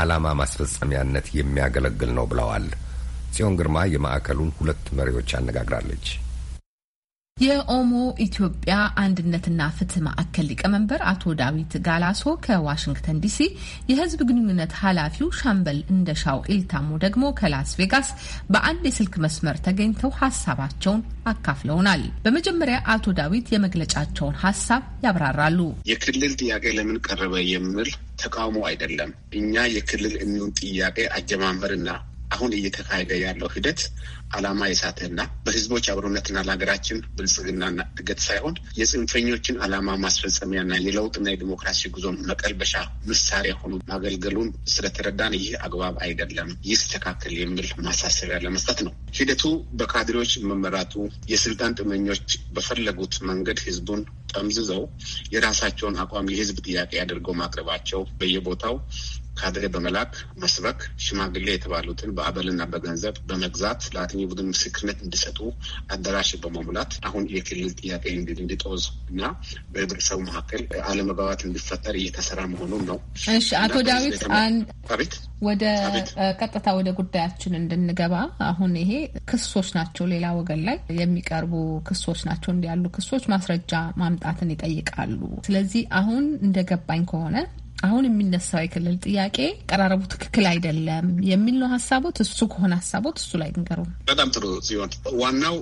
ዓላማ ማስፈጸሚያነት የሚያገለግል ነው ብለዋል። ጽዮን ግርማ የማዕከሉን ሁለት መሪዎች አነጋግራለች። የኦሞ ኢትዮጵያ አንድነትና ፍትህ ማዕከል ሊቀመንበር አቶ ዳዊት ጋላሶ ከዋሽንግተን ዲሲ፣ የህዝብ ግንኙነት ኃላፊው ሻምበል እንደሻው ኤልታሞ ደግሞ ከላስ ቬጋስ በአንድ የስልክ መስመር ተገኝተው ሀሳባቸውን አካፍለውናል። በመጀመሪያ አቶ ዳዊት የመግለጫቸውን ሀሳብ ያብራራሉ። የክልል ጥያቄ ለምን ቀረበ የሚል ተቃውሞ አይደለም። እኛ የክልል እንሁን ጥያቄ አጀማመርና አሁን እየተካሄደ ያለው ሂደት አላማ የሳተና በህዝቦች አብሮነትና ለሀገራችን ብልጽግናና እድገት ሳይሆን የጽንፈኞችን ዓላማ ማስፈጸሚያና የለውጥና የዲሞክራሲ ጉዞ መቀልበሻ መሳሪያ ሆኖ ማገልገሉን ስለተረዳን ይህ አግባብ አይደለም፣ ይስተካከል የሚል ማሳሰቢያ ለመስጠት ነው። ሂደቱ በካድሬዎች መመራቱ የስልጣን ጥመኞች በፈለጉት መንገድ ህዝቡን ጠምዝዘው የራሳቸውን አቋም የህዝብ ጥያቄ አድርገው ማቅረባቸው በየቦታው ካድሬ በመላክ መስበክ፣ ሽማግሌ የተባሉትን በአበልና በገንዘብ በመግዛት ለአጥኚ ቡድን ምስክርነት እንዲሰጡ አዳራሽ በመሙላት አሁን የክልል ጥያቄ እንዲጦዝ እና በህብረተሰቡ መካከል አለመግባባት እንዲፈጠር እየተሰራ መሆኑን ነው። እሺ፣ አቶ ዳዊት አንድ ወደ ቀጥታ ወደ ጉዳያችን እንድንገባ አሁን ይሄ ክሶች ናቸው፣ ሌላ ወገን ላይ የሚቀርቡ ክሶች ናቸው። እንዲያሉ ክሶች ማስረጃ ማምጣትን ይጠይቃሉ። ስለዚህ አሁን እንደገባኝ ከሆነ አሁን የሚነሳው የክልል ጥያቄ ቀራረቡ ትክክል አይደለም የሚል ነው ሀሳቦት። እሱ ከሆነ ሀሳቦት እሱ ላይ ንገሩ። በጣም ጥሩ ሲሆን ዋናው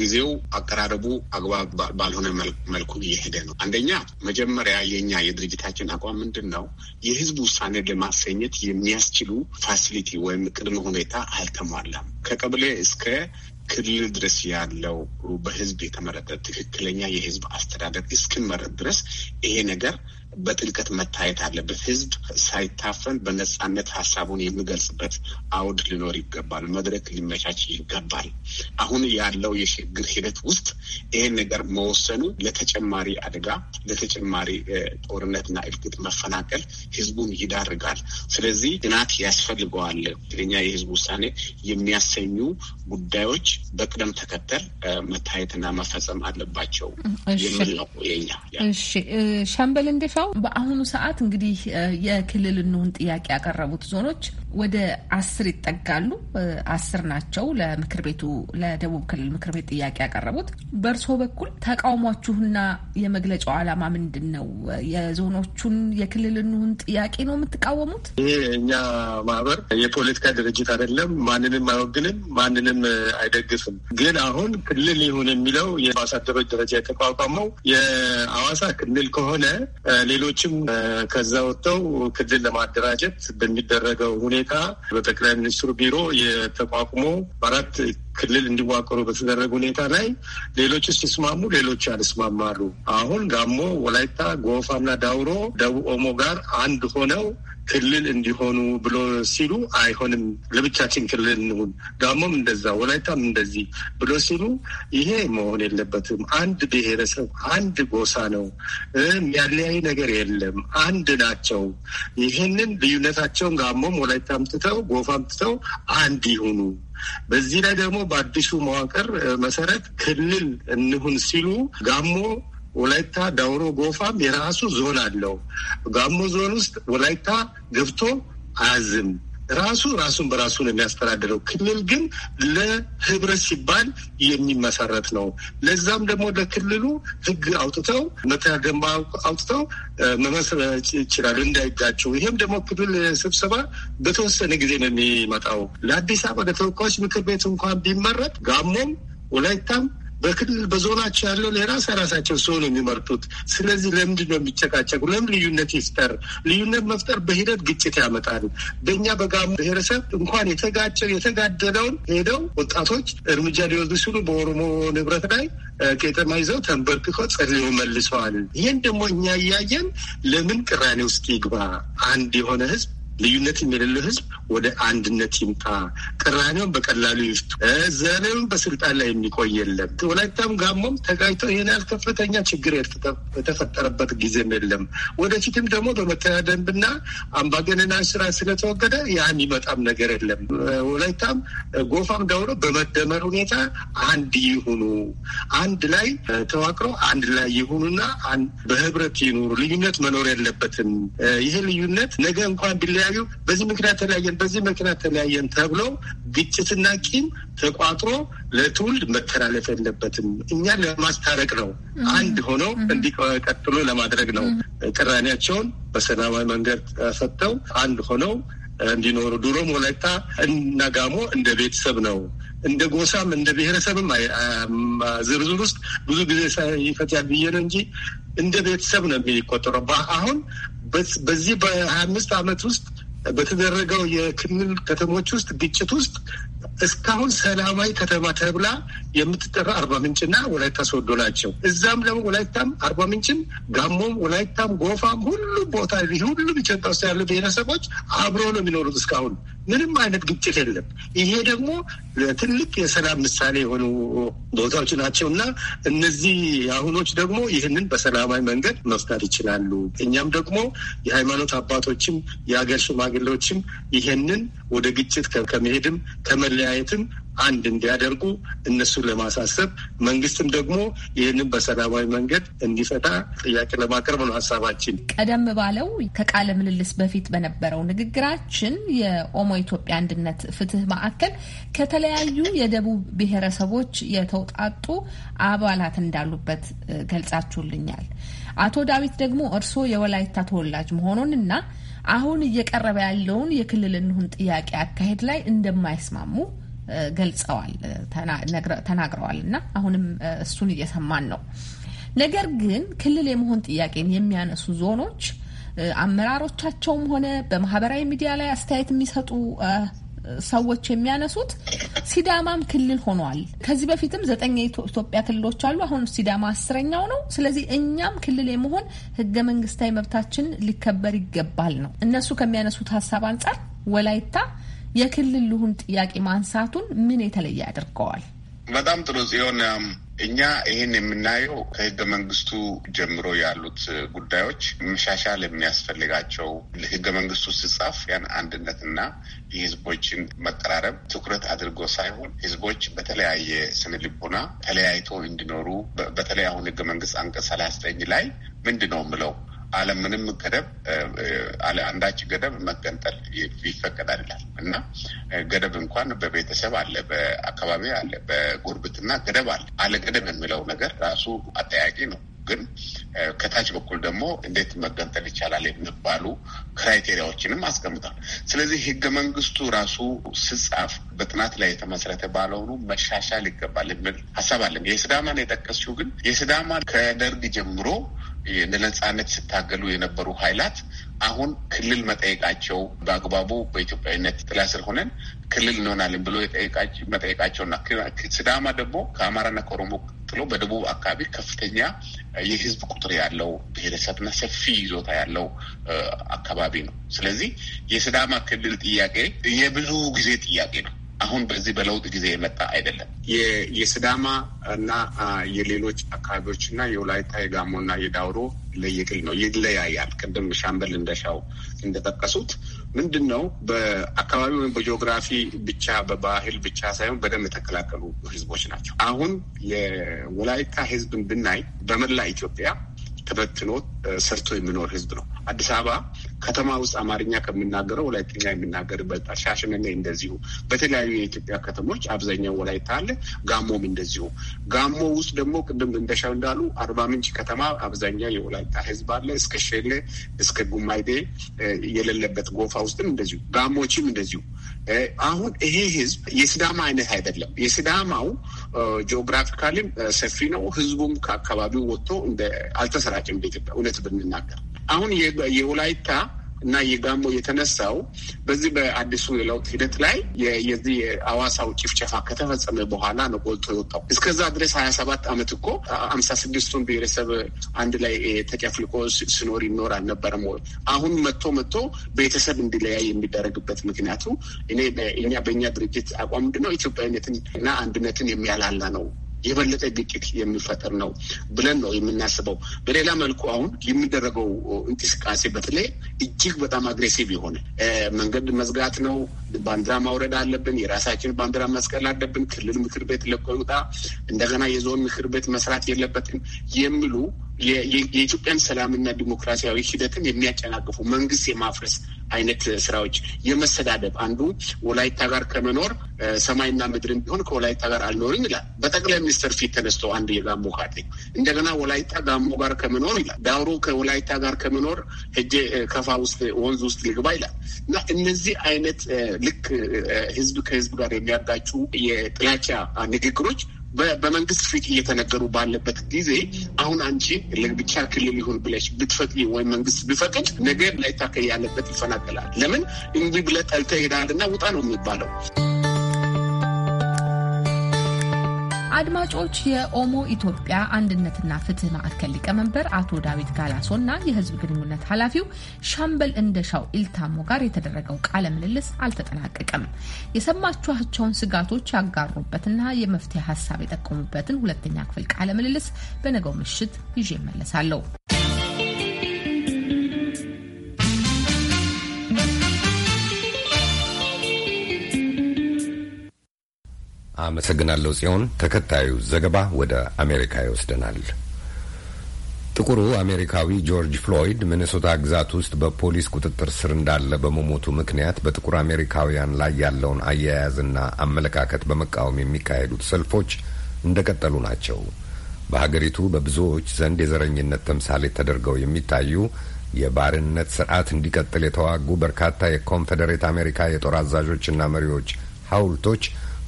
ጊዜው አቀራረቡ አግባብ ባልሆነ መልኩ እየሄደ ነው። አንደኛ መጀመሪያ የኛ የድርጅታችን አቋም ምንድን ነው? የህዝብ ውሳኔ ለማሰኘት የሚያስችሉ ፋሲሊቲ ወይም ቅድመ ሁኔታ አልተሟላም። ከቀበሌ እስከ ክልል ድረስ ያለው በህዝብ የተመረጠ ትክክለኛ የህዝብ አስተዳደር እስክንመረጥ ድረስ ይሄ ነገር በጥልቀት መታየት አለበት። ህዝብ ሳይታፈን በነፃነት ሀሳቡን የሚገልጽበት አውድ ሊኖር ይገባል። መድረክ ሊመቻች ይገባል። አሁን ያለው የሽግግር ሂደት ውስጥ ይሄን ነገር መወሰኑ ለተጨማሪ አደጋ፣ ለተጨማሪ ጦርነትና እልቂት፣ መፈናቀል ህዝቡን ይዳርጋል። ስለዚህ ጥናት ያስፈልገዋል። ትክክለኛ የህዝብ ውሳኔ የሚያሰኙ ጉዳዮች በቅደም ተከተል መታየትና መፈጸም አለባቸው የሚል ነው የኛ። እሺ ሻምበል እንደሻው የሚመጣው በአሁኑ ሰዓት እንግዲህ የክልል ጥያቄ ያቀረቡት ዞኖች ወደ አስር ይጠጋሉ። አስር ናቸው ለምክር ቤቱ ለደቡብ ክልል ምክር ቤት ጥያቄ ያቀረቡት። በእርሶ በኩል ተቃውሟችሁና የመግለጫው ዓላማ ምንድን ነው? የዞኖቹን የክልል ጥያቄ ነው የምትቃወሙት? ይሄ እኛ ማህበር የፖለቲካ ድርጅት አይደለም። ማንንም አይወግንም፣ ማንንም አይደግፍም። ግን አሁን ክልል ይሁን የሚለው የአምባሳደሮች ደረጃ የተቋቋመው የአዋሳ ክልል ከሆነ ሌሎችም ከዛ ወጥተው ክልል ለማደራጀት በሚደረገው ሁኔታ በጠቅላይ ሚኒስትሩ ቢሮ የተቋቁሞ በአራት ክልል እንዲዋቀሩ በተደረገ ሁኔታ ላይ ሌሎች ሲስማሙ፣ ሌሎች ያልስማማሉ። አሁን ጋሞ፣ ወላይታ፣ ጎፋና ዳውሮ ደቡብ ኦሞ ጋር አንድ ሆነው ክልል እንዲሆኑ ብሎ ሲሉ አይሆንም፣ ለብቻችን ክልል እንሁን፣ ጋሞም እንደዛ፣ ወላይታም እንደዚህ ብሎ ሲሉ ይሄ መሆን የለበትም። አንድ ብሔረሰብ አንድ ጎሳ ነው፣ የሚያለያይ ነገር የለም፣ አንድ ናቸው። ይህንን ልዩነታቸውን ጋሞም ወላይታም ትተው ጎፋም ትተው አንድ ይሁኑ። በዚህ ላይ ደግሞ በአዲሱ መዋቅር መሰረት ክልል እንሁን ሲሉ ጋሞ ወላይታ ዳውሮ ጎፋም የራሱ ዞን አለው። ጋሞ ዞን ውስጥ ወላይታ ገብቶ አያዝም። ራሱ ራሱን በራሱ ነው የሚያስተዳድረው። ክልል ግን ለህብረት ሲባል የሚመሰረት ነው። ለዛም ደግሞ ለክልሉ ህግ አውጥተው መተዳደሪያ ደንብ አውጥተው መመስረት ይችላሉ እንዳይጋጩ። ይህም ደግሞ ክልል ስብሰባ በተወሰነ ጊዜ ነው የሚመጣው። ለአዲስ አበባ ለተወካዮች ምክር ቤት እንኳን ቢመረጥ ጋሞም ወላይታም በክልል በዞናቸው ያለው ለራስ ራሳቸው ሰው ነው የሚመርጡት። ስለዚህ ለምንድን ነው የሚጨቃጨቁ? ለምን ልዩነት ይፍጠር? ልዩነት መፍጠር በሂደት ግጭት ያመጣል። በእኛ በጋሞ ብሔረሰብ እንኳን የተጋጨ የተጋደለውን ሄደው ወጣቶች እርምጃ ሊወስዱ ሲሉ በኦሮሞ ንብረት ላይ ቄጠማ ይዘው ተንበርክከው ጸልዮ መልሰዋል። ይህን ደግሞ እኛ እያየን ለምን ቅራኔ ውስጥ ይግባ? አንድ የሆነ ህዝብ ልዩነትም የሌለው ህዝብ ወደ አንድነት ይምጣ፣ ቅራኔውን በቀላሉ ይፍቱ። ዘርም በስልጣን ላይ የሚቆይ የለም። ወላይታም ጋሞም ተጋጭቶ ይህን ያህል ከፍተኛ ችግር የተፈጠረበት ጊዜም የለም። ወደፊትም ደግሞ በመተዳደሪያ ደንብና አምባገነናዊ ስራ ስለተወገደ ያም ይመጣም ነገር የለም። ወላይታም ጎፋም ደውሎ በመደመር ሁኔታ አንድ ይሁኑ፣ አንድ ላይ ተዋቅሮ አንድ ላይ ይሁኑና በህብረት ይኑሩ። ልዩነት መኖር የለበትም። ይሄ ልዩነት ነገ እንኳን ቢለ አካባቢው በዚህ ምክንያት ተለያየን፣ በዚህ ምክንያት ተለያየን ተብሎ ግጭትና ቂም ተቋጥሮ ለትውልድ መተላለፍ የለበትም። እኛ ለማስታረቅ ነው፣ አንድ ሆነው እንዲቀጥሉ ለማድረግ ነው። ቅራኔያቸውን በሰላማዊ መንገድ ሰጥተው አንድ ሆነው እንዲኖሩ ድሮም ወላይታ እና ጋሞ እንደ ቤተሰብ ነው እንደ ጎሳም እንደ ብሔረሰብም ዝርዝር ውስጥ ብዙ ጊዜ ይፈትያል ብዬ ነው እንጂ እንደ ቤተሰብ ነው የሚቆጠረው። አሁን በዚህ በሀያ አምስት ዓመት ውስጥ በተደረገው የክልል ከተሞች ውስጥ ግጭት ውስጥ እስካሁን ሰላማዊ ከተማ ተብላ የምትጠራ አርባ ምንጭና ወላይታ ሶዶ ናቸው። እዛም ደግሞ ወላይታም አርባ ምንጭም፣ ጋሞም፣ ወላይታም፣ ጎፋም ሁሉ ቦታ ሁሉም ኢትዮጵያ ውስጥ ያሉ ብሔረሰቦች አብሮ ነው የሚኖሩት። እስካሁን ምንም አይነት ግጭት የለም። ይሄ ደግሞ ትልቅ የሰላም ምሳሌ የሆኑ ቦታዎች ናቸው እና እነዚህ አሁኖች ደግሞ ይህንን በሰላማዊ መንገድ መፍታት ይችላሉ። እኛም ደግሞ የሃይማኖት አባቶችም የሀገር ሽማግ ሽማግሌዎችም ይሄንን ወደ ግጭት ከመሄድም ከመለያየትም አንድ እንዲያደርጉ እነሱን ለማሳሰብ መንግስትም ደግሞ ይህንን በሰላማዊ መንገድ እንዲፈታ ጥያቄ ለማቅረብ ነው ሀሳባችን። ቀደም ባለው ከቃለ ምልልስ በፊት በነበረው ንግግራችን የኦሞ ኢትዮጵያ አንድነት ፍትህ ማዕከል ከተለያዩ የደቡብ ብሔረሰቦች የተውጣጡ አባላት እንዳሉበት ገልጻችሁልኛል። አቶ ዳዊት ደግሞ እርስዎ የወላይታ ተወላጅ መሆኑን እና አሁን እየቀረበ ያለውን የክልል እንሁን ጥያቄ አካሄድ ላይ እንደማይስማሙ ገልጸዋል፣ ተናግረዋል እና አሁንም እሱን እየሰማን ነው። ነገር ግን ክልል የመሆን ጥያቄን የሚያነሱ ዞኖች አመራሮቻቸውም ሆነ በማህበራዊ ሚዲያ ላይ አስተያየት የሚሰጡ ሰዎች የሚያነሱት ሲዳማም ክልል ሆኗል። ከዚህ በፊትም ዘጠኝ የኢትዮጵያ ክልሎች አሉ። አሁን ሲዳማ አስረኛው ነው። ስለዚህ እኛም ክልል የመሆን ህገ መንግስታዊ መብታችን ሊከበር ይገባል ነው እነሱ ከሚያነሱት ሀሳብ አንጻር ወላይታ የክልል ልሁን ጥያቄ ማንሳቱን ምን የተለየ አድርገዋል? በጣም ጥሩ ጽዮን እኛ ይህን የምናየው ከህገ መንግስቱ ጀምሮ ያሉት ጉዳዮች መሻሻል የሚያስፈልጋቸው ህገ መንግስቱ ሲጻፍ ያን አንድነትና የህዝቦችን መቀራረብ ትኩረት አድርጎ ሳይሆን ህዝቦች በተለያየ ስነ ልቦና ተለያይቶ እንዲኖሩ በተለይ አሁን ህገ መንግስት አንቀጽ ሰላሳ ዘጠኝ ላይ ምንድን ነው ምለው አለምንም ገደብ አንዳች ገደብ መገንጠል ይፈቀድ አይደለም እና ገደብ እንኳን በቤተሰብ አለ፣ በአካባቢ አለ፣ በጉርብትና ገደብ አለ። አለ ገደብ የሚለው ነገር ራሱ አጠያቂ ነው። ግን ከታች በኩል ደግሞ እንዴት መገንጠል ይቻላል የሚባሉ ክራይቴሪያዎችንም አስቀምጧል። ስለዚህ ህገ መንግስቱ ራሱ ስጻፍ በጥናት ላይ የተመሰረተ ባለሆኑ መሻሻል ይገባል የሚል ሀሳብ አለን። የስዳማን የጠቀስችው ግን የስዳማ ከደርግ ጀምሮ ለነጻነት ሲታገሉ የነበሩ ኃይላት አሁን ክልል መጠየቃቸው በአግባቡ በኢትዮጵያዊነት ጥላ ስር ሆነን ክልል እንሆናለን ብሎ መጠየቃቸውና ስዳማ ደግሞ ከአማራና ከኦሮሞ ጥሎ በደቡብ አካባቢ ከፍተኛ የህዝብ ቁጥር ያለው ብሔረሰብና ሰፊ ይዞታ ያለው አካባቢ ነው። ስለዚህ የስዳማ ክልል ጥያቄ የብዙ ጊዜ ጥያቄ ነው። አሁን በዚህ በለውጥ ጊዜ የመጣ አይደለም። የስዳማ እና የሌሎች አካባቢዎች እና የወላይታ የጋሞ እና የዳውሮ ለየቅል ነው ይለያያል። ቅድም ሻምበል እንደሻው እንደጠቀሱት ምንድን ነው በአካባቢ ወይም በጂኦግራፊ ብቻ በባህል ብቻ ሳይሆን በደንብ የተቀላቀሉ ህዝቦች ናቸው። አሁን የወላይታ ህዝብን ብናይ በመላ ኢትዮጵያ ተበትኖ ሰርቶ የሚኖር ህዝብ ነው። አዲስ አበባ ከተማ ውስጥ አማርኛ ከምናገረው ወላይተኛ የሚናገርበታል። ሻሸመኔ እንደዚሁ፣ በተለያዩ የኢትዮጵያ ከተሞች አብዛኛው ወላይታ አለ። ጋሞም እንደዚሁ። ጋሞ ውስጥ ደግሞ ቅድም እንደሻው እንዳሉ አርባ ምንጭ ከተማ አብዛኛው የወላይታ ህዝብ አለ። እስከ ሼሌ እስከ ጉማይዴ የሌለበት ጎፋ ውስጥም እንደዚሁ፣ ጋሞችም እንደዚሁ። አሁን ይሄ ህዝብ የስዳማ አይነት አይደለም። የስዳማው ጂኦግራፊካሊም ሰፊ ነው። ህዝቡም ከአካባቢው ወጥቶ አልተሰራጭም በኢትዮጵያ እውነት ብንናገር አሁን የወላይታ እና የጋሞ የተነሳው በዚህ በአዲሱ የለውጥ ሂደት ላይ የዚህ የአዋሳው ጭፍጨፋ ከተፈጸመ በኋላ ነው ጎልቶ የወጣው። እስከዛ ድረስ ሀያ ሰባት አመት እኮ አምሳ ስድስቱን ብሔረሰብ አንድ ላይ ተጨፍልቆ ሲኖር ይኖር አልነበረም አሁን መጥቶ መጥቶ ቤተሰብ እንዲለያይ የሚደረግበት ምክንያቱ እኔ በእኛ ድርጅት አቋም ምንድነው ኢትዮጵያዊነትን እና አንድነትን የሚያላላ ነው የበለጠ ግጭት የሚፈጠር ነው ብለን ነው የምናስበው። በሌላ መልኩ አሁን የሚደረገው እንቅስቃሴ በተለይ እጅግ በጣም አግሬሲቭ የሆነ መንገድ መዝጋት ነው። ባንዲራ ማውረድ አለብን። የራሳችን ባንዲራ መስቀል አለብን። ክልል ምክር ቤት ለቆ ይውጣ፣ እንደገና የዞን ምክር ቤት መስራት የለበትም የሚሉ የኢትዮጵያን ሰላምና ዲሞክራሲያዊ ሂደትን የሚያጨናቅፉ መንግስት የማፍረስ አይነት ስራዎች፣ የመሰዳደብ አንዱ ወላይታ ጋር ከመኖር ሰማይና ምድርን ቢሆን ከወላይታ ጋር አልኖርም ይላል። በጠቅላይ ሚኒስትር ፊት ተነስቶ አንድ የጋሞ ካድሬ እንደገና ወላይታ ጋሞ ጋር ከመኖር ይላል። ዳውሮ ከወላይታ ጋር ከመኖር ሄጄ ከፋ ውስጥ ወንዝ ውስጥ ልግባ ይላል እና እነዚህ አይነት ልክ ህዝብ ከህዝብ ጋር የሚያጋጩ የጥላቻ ንግግሮች በመንግስት ፊት እየተነገሩ ባለበት ጊዜ አሁን አንቺ ለብቻ ክልል ይሁን ብለሽ ብትፈቅድ ወይም መንግስት ቢፈቅድ ነገር ላይታከ ያለበት ይፈናቀላል። ለምን እንዲህ ብለህ ጠልተህ ሄዳልና ውጣ ነው የሚባለው። አድማጮች የኦሞ ኢትዮጵያ አንድነትና ፍትህ ማዕከል ሊቀመንበር አቶ ዳዊት ጋላሶና የህዝብ ግንኙነት ኃላፊው ሻምበል እንደሻው ኢልታሞ ጋር የተደረገው ቃለ ምልልስ አልተጠናቀቀም። የሰማችኋቸውን ስጋቶች ያጋሩበትና የመፍትሄ ሀሳብ የጠቀሙበትን ሁለተኛ ክፍል ቃለ ምልልስ በነገው ምሽት ይዤ እመለሳለሁ። አመሰግናለሁ ጽዮን። ተከታዩ ዘገባ ወደ አሜሪካ ይወስደናል። ጥቁሩ አሜሪካዊ ጆርጅ ፍሎይድ ሚኔሶታ ግዛት ውስጥ በፖሊስ ቁጥጥር ስር እንዳለ በመሞቱ ምክንያት በጥቁር አሜሪካውያን ላይ ያለውን አያያዝና አመለካከት በመቃወም የሚካሄዱት ሰልፎች እንደቀጠሉ ናቸው። በሀገሪቱ በብዙዎች ዘንድ የዘረኝነት ተምሳሌት ተደርገው የሚታዩ የባርነት ስርዓት እንዲቀጥል የተዋጉ በርካታ የኮንፌዴሬት አሜሪካ የጦር አዛዦችና መሪዎች ሐውልቶች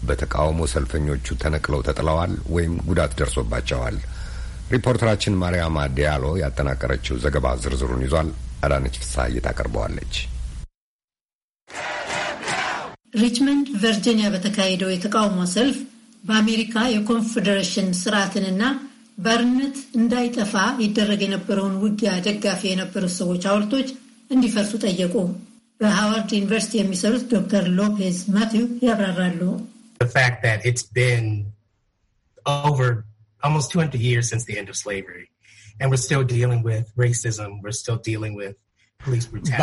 በተቃውሞ ሰልፈኞቹ ተነቅለው ተጥለዋል ወይም ጉዳት ደርሶባቸዋል። ሪፖርተራችን ማርያማ ዲያሎ ያጠናቀረችው ዘገባ ዝርዝሩን ይዟል። አዳነች ፍስሐዬ ታቀርበዋለች። ሪችመንድ ቨርጂኒያ በተካሄደው የተቃውሞ ሰልፍ በአሜሪካ የኮንፌዴሬሽን ስርዓትንና ባርነት እንዳይጠፋ ይደረግ የነበረውን ውጊያ ደጋፊ የነበሩት ሰዎች ሐውልቶች እንዲፈርሱ ጠየቁ። በሃዋርድ ዩኒቨርሲቲ የሚሰሩት ዶክተር ሎፔዝ ማቲው ያብራራሉ። the fact that it's been over almost 200 years since the end of slavery and we're still dealing with racism we're still dealing with police brutality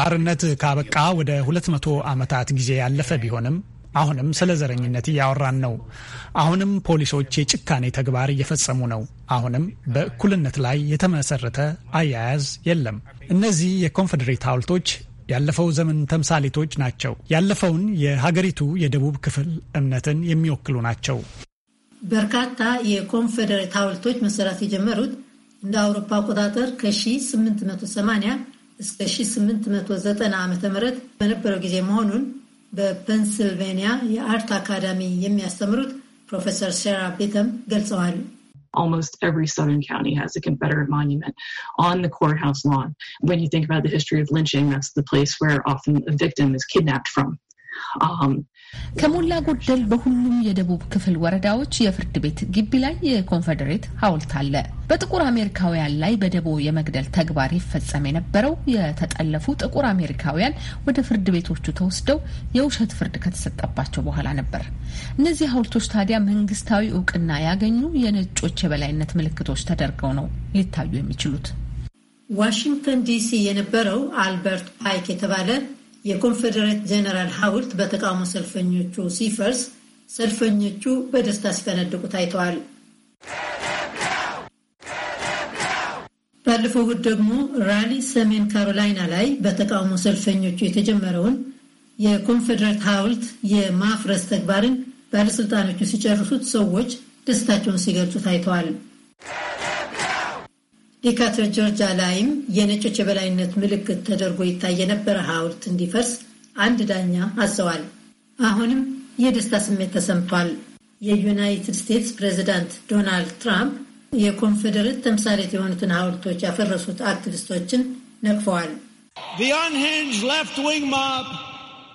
ያለፈው ዘመን ተምሳሌቶች ናቸው። ያለፈውን የሀገሪቱ የደቡብ ክፍል እምነትን የሚወክሉ ናቸው። በርካታ የኮንፌዴሬት ሐውልቶች መሰራት የጀመሩት እንደ አውሮፓ አቆጣጠር ከ1880 እስከ 1890 ዓ ም በነበረው ጊዜ መሆኑን በፔንስልቬንያ የአርት አካዳሚ የሚያስተምሩት ፕሮፌሰር ሴራ ቤተም ገልጸዋል። almost every southern county has a Confederate monument on the courthouse lawn. When you think about the history of lynching, that's the place where often a victim is kidnapped from. Um, ከሞላ ጎደል በሁሉም የደቡብ ክፍል ወረዳዎች የፍርድ ቤት ግቢ ላይ የኮንፌዴሬት ሐውልት አለ። በጥቁር አሜሪካውያን ላይ በደቦ የመግደል ተግባር ይፈጸም የነበረው የተጠለፉ ጥቁር አሜሪካውያን ወደ ፍርድ ቤቶቹ ተወስደው የውሸት ፍርድ ከተሰጠባቸው በኋላ ነበር። እነዚህ ሐውልቶች ታዲያ መንግስታዊ እውቅና ያገኙ የነጮች የበላይነት ምልክቶች ተደርገው ነው ሊታዩ የሚችሉት። ዋሽንግተን ዲሲ የነበረው አልበርት ፓይክ የተባለ የኮንፌዴሬት ጀነራል ሐውልት በተቃውሞ ሰልፈኞቹ ሲፈርስ ሰልፈኞቹ በደስታ ሲፈነድቁ ታይተዋል። ባለፈው እሁድ ደግሞ ራሊ ሰሜን ካሮላይና ላይ በተቃውሞ ሰልፈኞቹ የተጀመረውን የኮንፌዴሬት ሐውልት የማፍረስ ተግባርን ባለሥልጣኖቹ ሲጨርሱት ሰዎች ደስታቸውን ሲገልጹ ታይተዋል። ዲካትር ጆርጂያ ላይም የነጮች የበላይነት ምልክት ተደርጎ ይታይ የነበረ ሐውልት እንዲፈርስ አንድ ዳኛ አዘዋል። አሁንም የደስታ ስሜት ተሰምቷል። የዩናይትድ ስቴትስ ፕሬዚዳንት ዶናልድ ትራምፕ የኮንፌዴሬት ተምሳሌት የሆኑትን ሐውልቶች ያፈረሱት አክቲቪስቶችን ነቅፈዋል። The unhinged left-wing mob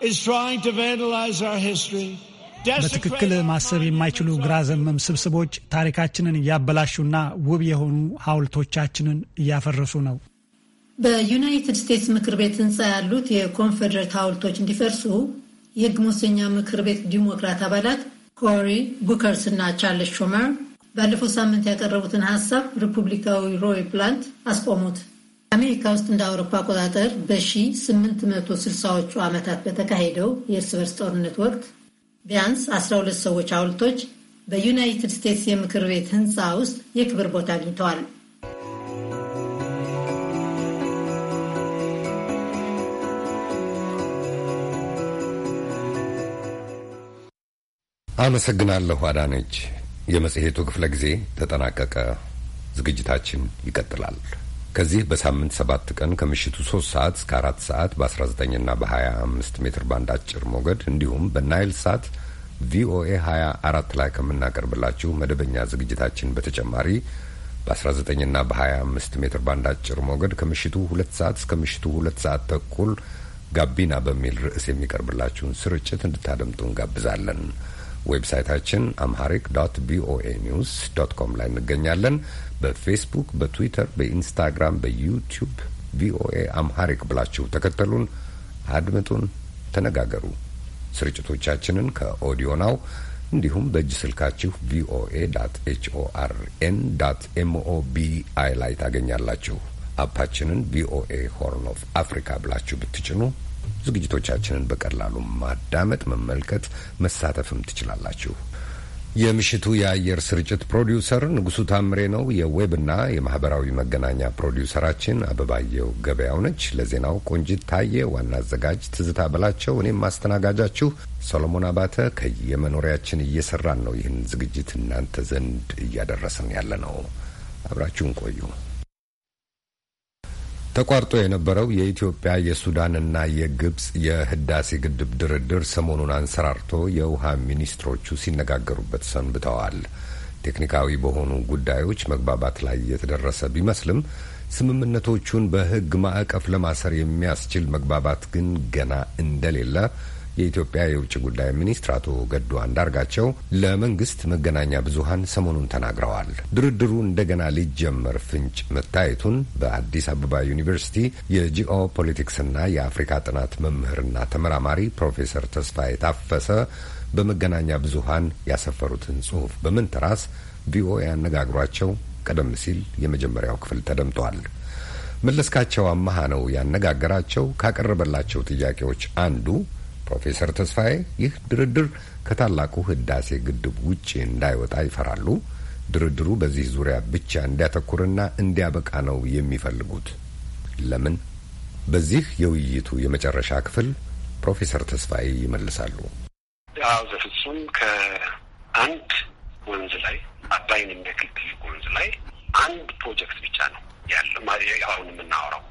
is trying to vandalize our history. በትክክል ማሰብ የማይችሉ ግራ ዘመም ስብስቦች ታሪካችንን እያበላሹና ውብ የሆኑ ሐውልቶቻችንን እያፈረሱ ነው። በዩናይትድ ስቴትስ ምክር ቤት ህንፃ ያሉት የኮንፌዴሬት ሐውልቶች እንዲፈርሱ የህግ መወሰኛ ምክር ቤት ዲሞክራት አባላት ኮሪ ቡከርስ እና ቻርልስ ሹመር ባለፈው ሳምንት ያቀረቡትን ሀሳብ ሪፑብሊካዊ ሮይ ፕላንት አስቆሙት። አሜሪካ ውስጥ እንደ አውሮፓ አቆጣጠር በ1860ዎቹ ዓመታት በተካሄደው የእርስ በርስ ጦርነት ወቅት ቢያንስ 12 ሰዎች ሐውልቶች በዩናይትድ ስቴትስ የምክር ቤት ህንፃ ውስጥ የክብር ቦታ አግኝተዋል። አመሰግናለሁ አዳነች። የመጽሔቱ ክፍለ ጊዜ ተጠናቀቀ። ዝግጅታችን ይቀጥላል። ከዚህ በሳምንት ሰባት ቀን ከምሽቱ ሶስት ሰዓት እስከ አራት ሰዓት በ19 ና በ25 ሜትር ባንድ አጭር ሞገድ እንዲሁም በናይል ሳት ቪኦኤ 24 ላይ ከምናቀርብላችሁ መደበኛ ዝግጅታችን በተጨማሪ በ19 ና በ25 ሜትር ባንድ አጭር ሞገድ ከምሽቱ ሁለት ሰዓት እስከ ምሽቱ ሁለት ሰዓት ተኩል ጋቢና በሚል ርዕስ የሚቀርብላችሁን ስርጭት እንድታደምጡ እንጋብዛለን። ዌብሳይታችን አምሃሪክ ዶት ቪኦኤ ኒውስ ዶት ኮም ላይ እንገኛለን። በፌስቡክ፣ በትዊተር፣ በኢንስታግራም፣ በዩቲዩብ ቪኦኤ አምሃሪክ ብላችሁ ተከተሉን፣ አድምጡን፣ ተነጋገሩ። ስርጭቶቻችንን ከኦዲዮ ናው እንዲሁም በእጅ ስልካችሁ ቪኦኤ ዶት ኤችኦአርኤን ዶት ኤምኦቢአይ ላይ ታገኛላችሁ። አፓችንን ቪኦኤ ሆርን ኦፍ አፍሪካ ብላችሁ ብትጭኑ ዝግጅቶቻችንን በቀላሉ ማዳመጥ፣ መመልከት፣ መሳተፍም ትችላላችሁ። የምሽቱ የአየር ስርጭት ፕሮዲውሰር ንጉሱ ታምሬ ነው። የዌብና የማህበራዊ መገናኛ ፕሮዲውሰራችን አበባየው ገበያው ነች። ለዜናው ቆንጂት ታየ፣ ዋና አዘጋጅ ትዝታ በላቸው፣ እኔም ማስተናጋጃችሁ ሰሎሞን አባተ ከየመኖሪያችን እየሰራን ነው። ይህን ዝግጅት እናንተ ዘንድ እያደረሰን ያለ ነው። አብራችሁን ቆዩ። ተቋርጦ የነበረው የኢትዮጵያ የሱዳንና የግብጽ የህዳሴ ግድብ ድርድር ሰሞኑን አንሰራርቶ የውሃ ሚኒስትሮቹ ሲነጋገሩበት ሰንብተዋል። ቴክኒካዊ በሆኑ ጉዳዮች መግባባት ላይ የተደረሰ ቢመስልም ስምምነቶቹን በህግ ማዕቀፍ ለማሰር የሚያስችል መግባባት ግን ገና እንደሌለ የኢትዮጵያ የውጭ ጉዳይ ሚኒስትር አቶ ገዱ አንዳርጋቸው ለመንግስት መገናኛ ብዙሃን ሰሞኑን ተናግረዋል። ድርድሩ እንደገና ሊጀመር ፍንጭ መታየቱን በአዲስ አበባ ዩኒቨርሲቲ የጂኦ ፖለቲክስና የአፍሪካ ጥናት መምህርና ተመራማሪ ፕሮፌሰር ተስፋዬ ታፈሰ በመገናኛ ብዙሃን ያሰፈሩትን ጽሑፍ በመንተራስ ቪኦኤ ያነጋግሯቸው ቀደም ሲል የመጀመሪያው ክፍል ተደምጧል። መለስካቸው አመሃ ነው ያነጋገራቸው። ካቀረበላቸው ጥያቄዎች አንዱ ፕሮፌሰር ተስፋዬ ይህ ድርድር ከታላቁ ህዳሴ ግድብ ውጪ እንዳይወጣ ይፈራሉ። ድርድሩ በዚህ ዙሪያ ብቻ እንዲያተኩርና እንዲያበቃ ነው የሚፈልጉት። ለምን? በዚህ የውይይቱ የመጨረሻ ክፍል ፕሮፌሰር ተስፋዬ ይመልሳሉ። አዎ ዘፍጹም ከአንድ ወንዝ ላይ አባይን የሚያክል ትልቅ ወንዝ ላይ አንድ ፕሮጀክት ብቻ ነው ያለ አሁን የምናወራው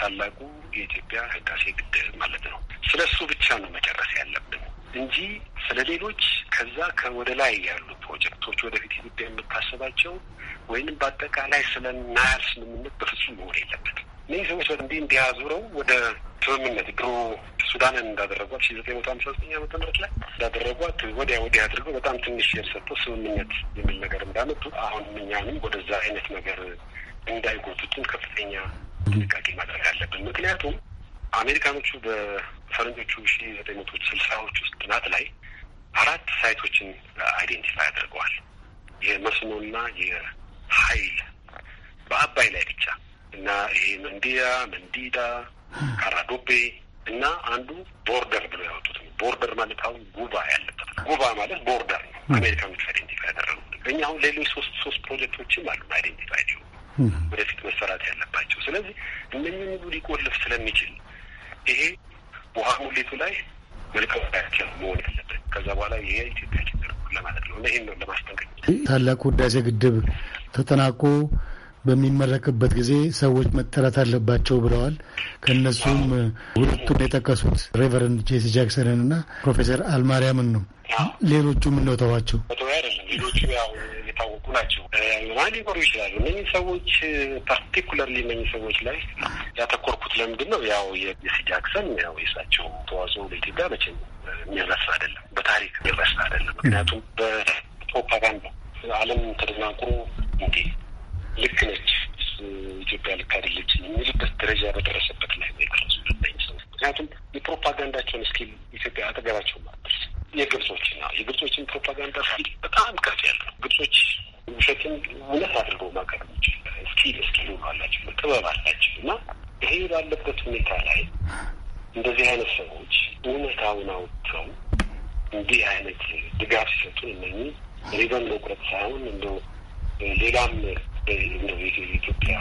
ታላቁ የኢትዮጵያ ህዳሴ ግድብ ማለት ነው። ስለ እሱ ብቻ ነው መጨረስ ያለብን እንጂ ስለ ሌሎች ከዛ ከወደ ላይ ያሉ ፕሮጀክቶች ወደፊት ኢትዮጵያ የምታስባቸው ወይንም በአጠቃላይ ስለ ናያል ስምምነት በፍጹም መሆን የለበት። እነዚህ ሰዎች እንዲህ እንዲያዙረው ወደ ስምምነት ድሮ ሱዳንን እንዳደረጓት ሺ ዘጠኝ መቶ ሃምሳ ዘጠኝ ዓመተ ምህረት ላይ እንዳደረጓት ወዲያ ወዲያ አድርገው በጣም ትንሽ የተሰጠው ስምምነት የሚል ነገር እንዳመጡ አሁን እኛንም ወደዛ አይነት ነገር እንዳይጎቱትን ከፍተኛ ጥንቃቄ ማድረግ አለብን። ምክንያቱም አሜሪካኖቹ በፈረንጆቹ ሺ ዘጠኝ መቶ ስልሳዎች ውስጥ ጥናት ላይ አራት ሳይቶችን አይዴንቲፋይ አድርገዋል። የመስኖና የኃይል በአባይ ላይ ብቻ እና ይሄ መንዲያ፣ መንዲዳ፣ ካራዶቤ እና አንዱ ቦርደር ብሎ ያወጡት ነው። ቦርደር ማለት አሁን ጉባ ያለበት ጉባ ማለት ቦርደር ነው። አሜሪካኖቹ አይዴንቲፋይ ያደረጉ እኛ አሁን ሌሎች ሶስት ሶስት ፕሮጀክቶችም አሉ አይዴንቲፋይ ሊሆኑ ወደፊት መሰራት ያለባቸው። ስለዚህ እነኝህን ሁሉ ሊቆልፍ ስለሚችል ይሄ ውሃ ሙሌቱ ላይ መልካም መሆን ያለበት ከዛ በኋላ ይሄ ኢትዮጵያ ችግር ለማለት ነው እና ይህን ነው ለማስጠንቀቅ። ታላቁ ህዳሴ ግድብ ተጠናቆ በሚመረቅበት ጊዜ ሰዎች መጠራት አለባቸው ብለዋል። ከእነሱም ሁለቱን የጠቀሱት ሬቨረንድ ጄሲ ጃክሰንን እና ፕሮፌሰር አልማርያምን ነው። ሌሎቹ ምን ነው ተዋቸው። ሌሎቹ ያው የሚታወቁ ናቸው። ማን ሊኖሩ ይችላሉ? እነዚህ ሰዎች ፓርቲኩለርሊ እነዚህ ሰዎች ላይ ያተኮርኩት ለምንድን ነው? ያው የሲ ጃክሰን ያው የእሳቸው ተዋጽኦ በኢትዮጵያ መቼም የሚረሳ አይደለም፣ በታሪክ የሚረሳ አይደለም። ምክንያቱም በፕሮፓጋንዳ ዓለም ተደናቁሮ እንዴ ልክ ነች ኢትዮጵያ ልክ አይደለች የሚልበት ደረጃ በደረሰበት ላይ ነው የደረሱ። ምክንያቱም የፕሮፓጋንዳቸውን እስኪል ኢትዮጵያ አጠገባቸው ማድረስ የግብጾች ነው። የግብጾችን ፕሮፓጋንዳ ስኪል በጣም ከፍ ያለ ነው። ግብጾች ውሸትን እውነት አድርገው ማቅረብ ይችላል። ስኪል ስኪል አላቸው፣ ጥበብ አላቸው። እና ይሄ ባለበት ሁኔታ ላይ እንደዚህ አይነት ሰዎች እውነታውን አውጥተው እንዲህ አይነት ድጋፍ ሲሰጡ እነ ሪበን መቁረጥ ሳይሆን እንደ ሌላም ኢትዮጵያ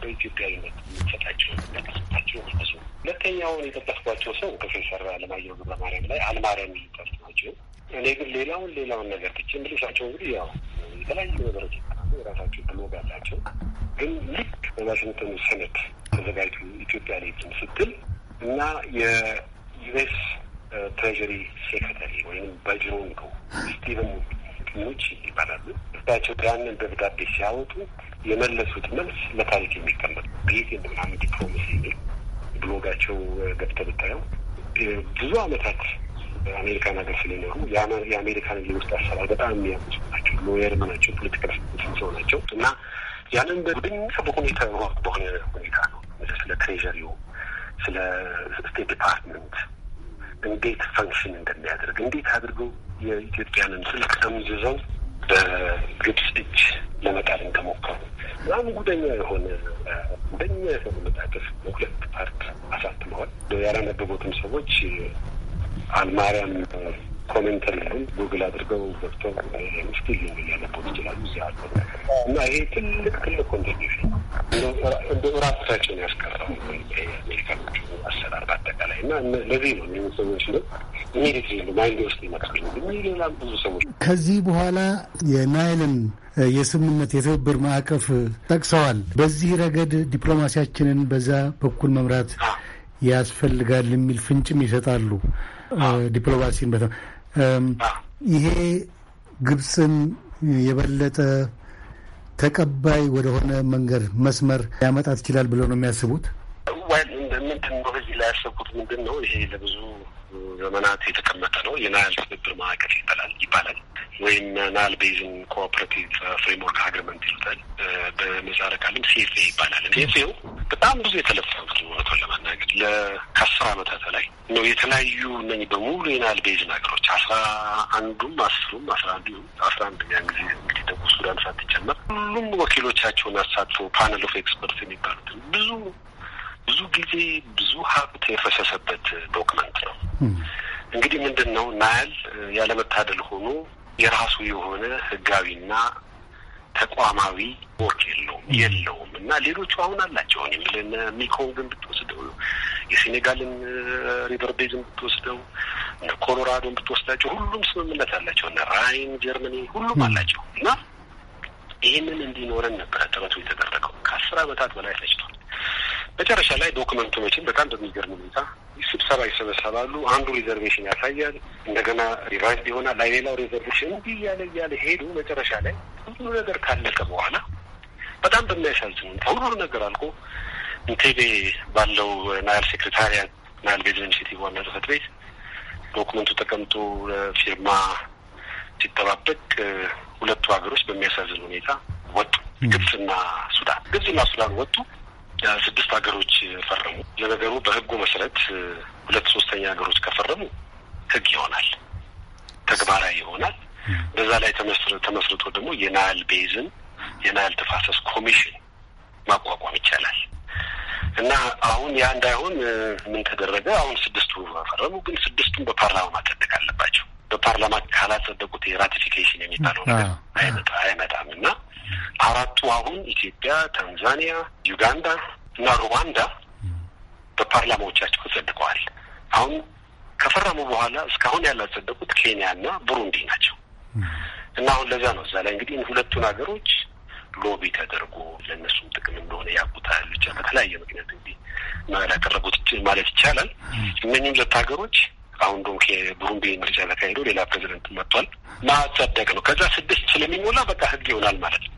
በኢትዮጵያዊነት የምንሰጣቸው የምንጠቀስባቸው እነሱ ሁለተኛውን የጠቀስኳቸው ሰው ፕሮፌሰር አለማየሁ ገብረማርያም ላይ አልማርያም የሚጠርስ ናቸው። እኔ ግን ሌላውን ሌላውን ነገር ትቼ ምልሳቸው እንግዲህ ያው የተለያዩ ነገሮች የራሳቸው ብሎግ አላቸው። ግን ልክ በዋሽንግተኑ ሰነት ተዘጋጅቶ ኢትዮጵያ ላይ ስትል እና የዩኤስ ትሬዥሪ ሴክሬታሪ ወይም በጅሮንኮ ስቲቨን ኑቺን ይባላሉ ህዝባቸው ኢትዮጵያውያንን ደብዳቤ ሲያወጡ የመለሱት መልስ ለታሪክ የሚቀመጥ ቤት የምናምን ዲፕሎማሲ የሚል ብሎጋቸው ገብተ ብታየው ብዙ አመታት አሜሪካን ሀገር ስለኖሩ የአሜሪካን የውስጥ አሰራር በጣም የሚያምሱ ናቸው። ሎየርም ናቸው፣ ፖለቲካል ሰው ናቸው እና ያንን በድኛ በሁኔታ በሆነ ሁኔታ ነው ስለ ትሬዠሪው፣ ስለ ስቴት ዲፓርትመንት እንዴት ፈንክሽን እንደሚያደርግ እንዴት አድርገው የኢትዮጵያንን ስልክ ጠምዝዘው በግብጽ እጅ ለመጣል እንደሞከሩ በጣም ጉደኛ የሆነ ጉደኛ የሆነ መጣጥፍ በሁለት ፓርት አሳትመዋል። ያላነበቡትም ሰዎች አልማርያም ኮሜንተር ነው ጉግል አድርገው ገብተው ምስኪል ሊያነቡ ይችላሉ። እዚ አለ እና ይሄ ትልቅ ትልቅ ኮንትሪቢሽን እንደ ራሳችን ያስቀራው አሜሪካኖቹ አሰራር በአጠቃላይ እና ለዚህ ነው እኔ ሰዎች ነው ከዚህ በኋላ የናይልን የስምምነት የትብብር ማዕቀፍ ጠቅሰዋል። በዚህ ረገድ ዲፕሎማሲያችንን በዛ በኩል መምራት ያስፈልጋል የሚል ፍንጭም ይሰጣሉ። ዲፕሎማሲን በተ ይሄ ግብፅን የበለጠ ተቀባይ ወደሆነ መንገድ መስመር ሊያመጣት ይችላል ብለው ነው የሚያስቡት? ምንድን ነው ላይ ያሰብኩት ምንድን ነው ይሄ ለብዙ ዘመናት የተቀመጠ ነው። የናይል ትብብር ማዕቀፍ ይባላል ይባላል ወይም ናይል ቤዝን ኮኦፐሬቲቭ ፍሬምወርክ አግሪመንት ይሉታል። በምህጻረ ቃልም ሴፌ ይባላል። ሴፌው በጣም ብዙ የተለፈበት እውነቱን ለማናገር ከአስር አመታት በላይ ነው። የተለያዩ እነ በሙሉ የናይል ቤዝን ሀገሮች አስራ አንዱም አስሩም አስራ አንዱ አስራ አንደኛ ጊዜ እንግዲህ ደቡብ ሱዳን ሳትጨመር ሁሉም ወኪሎቻቸውን አሳትፎ ፓነል ኦፍ ኤክስፐርት የሚባሉትን ብዙ ብዙ ጊዜ ብዙ ሀብት የፈሰሰበት ዶክመንት ነው። እንግዲህ ምንድን ነው ናያል ያለመታደል ሆኖ የራሱ የሆነ ህጋዊና ተቋማዊ ወርክ የለውም የለውም እና ሌሎቹ አሁን አላቸው። እኔ የምልህ ሚኮንግን ብትወስደው፣ የሴኔጋልን ሪቨር ቤዝን ብትወስደው፣ እነ ኮሎራዶን ብትወስዳቸው ሁሉም ስምምነት አላቸው። እነ ራይን ጀርመኒ ሁሉም አላቸው እና ይህንን እንዲኖረን ነበረ ጥረቱ የተደረገው ከአስር ዓመታት በላይ ፈጅቷል። መጨረሻ ላይ ዶክመንቶችን በጣም በሚገርም ሁኔታ ስብሰባ ይሰበሰባሉ። አንዱ ሪዘርቬሽን ያሳያል፣ እንደገና ሪቫይዝ ይሆናል፣ ላይ ሌላው ሪዘርቬሽን እንዲህ እያለ እያለ ሄዱ። መጨረሻ ላይ ሁሉ ነገር ካለቀ በኋላ በጣም በሚያሳዝን ሁኔታ ሁሉ ነገር አልቆ ኢንቴቤ ባለው ናይል ሴክሬታሪያት ናይል ቤዝን ሲቲ ዋና ጽህፈት ቤት ዶክመንቱ ተቀምጦ ፊርማ ሲጠባበቅ ሁለቱ ሀገሮች በሚያሳዝን ሁኔታ ወጡ። ግብፅና ሱዳን ግብፅና ሱዳን ወጡ። ስድስት ሀገሮች ፈረሙ። ለነገሩ በህጉ መሰረት ሁለት ሶስተኛ ሀገሮች ከፈረሙ ህግ ይሆናል፣ ተግባራዊ ይሆናል። በዛ ላይ ተመስርቶ ደግሞ የናይል ቤዝን የናይል ተፋሰስ ኮሚሽን ማቋቋም ይቻላል። እና አሁን ያ እንዳይሆን ምን ተደረገ? አሁን ስድስቱ ፈረሙ፣ ግን ስድስቱን በፓርላማ ማጸደቅ አለባቸው። በፓርላማ ካላጸደቁት የራቲፊኬሽን የሚባለው ነገር አይመጣም እና አራቱ አሁን ኢትዮጵያ፣ ታንዛኒያ፣ ዩጋንዳ እና ሩዋንዳ በፓርላማዎቻቸው ጸድቀዋል። አሁን ከፈረሙ በኋላ እስካሁን ያላጸደቁት ኬንያ እና ቡሩንዲ ናቸው። እና አሁን ለዛ ነው እዛ ላይ እንግዲህ ሁለቱን ሀገሮች ሎቢ ተደርጎ ለእነሱም ጥቅም እንደሆነ ያውቁታል። ብቻ በተለያየ ምክንያት እንግዲህ ያቀረቡት ማለት ይቻላል። እነኝም ሁለት ሀገሮች አሁን ዶንክ የቡሩንዲ ምርጫ ተካሂዶ ሌላ ፕሬዚደንት መጥቷል ማጸደቅ ነው። ከዛ ስድስት ስለሚሞላ በቃ ህግ ይሆናል ማለት ነው።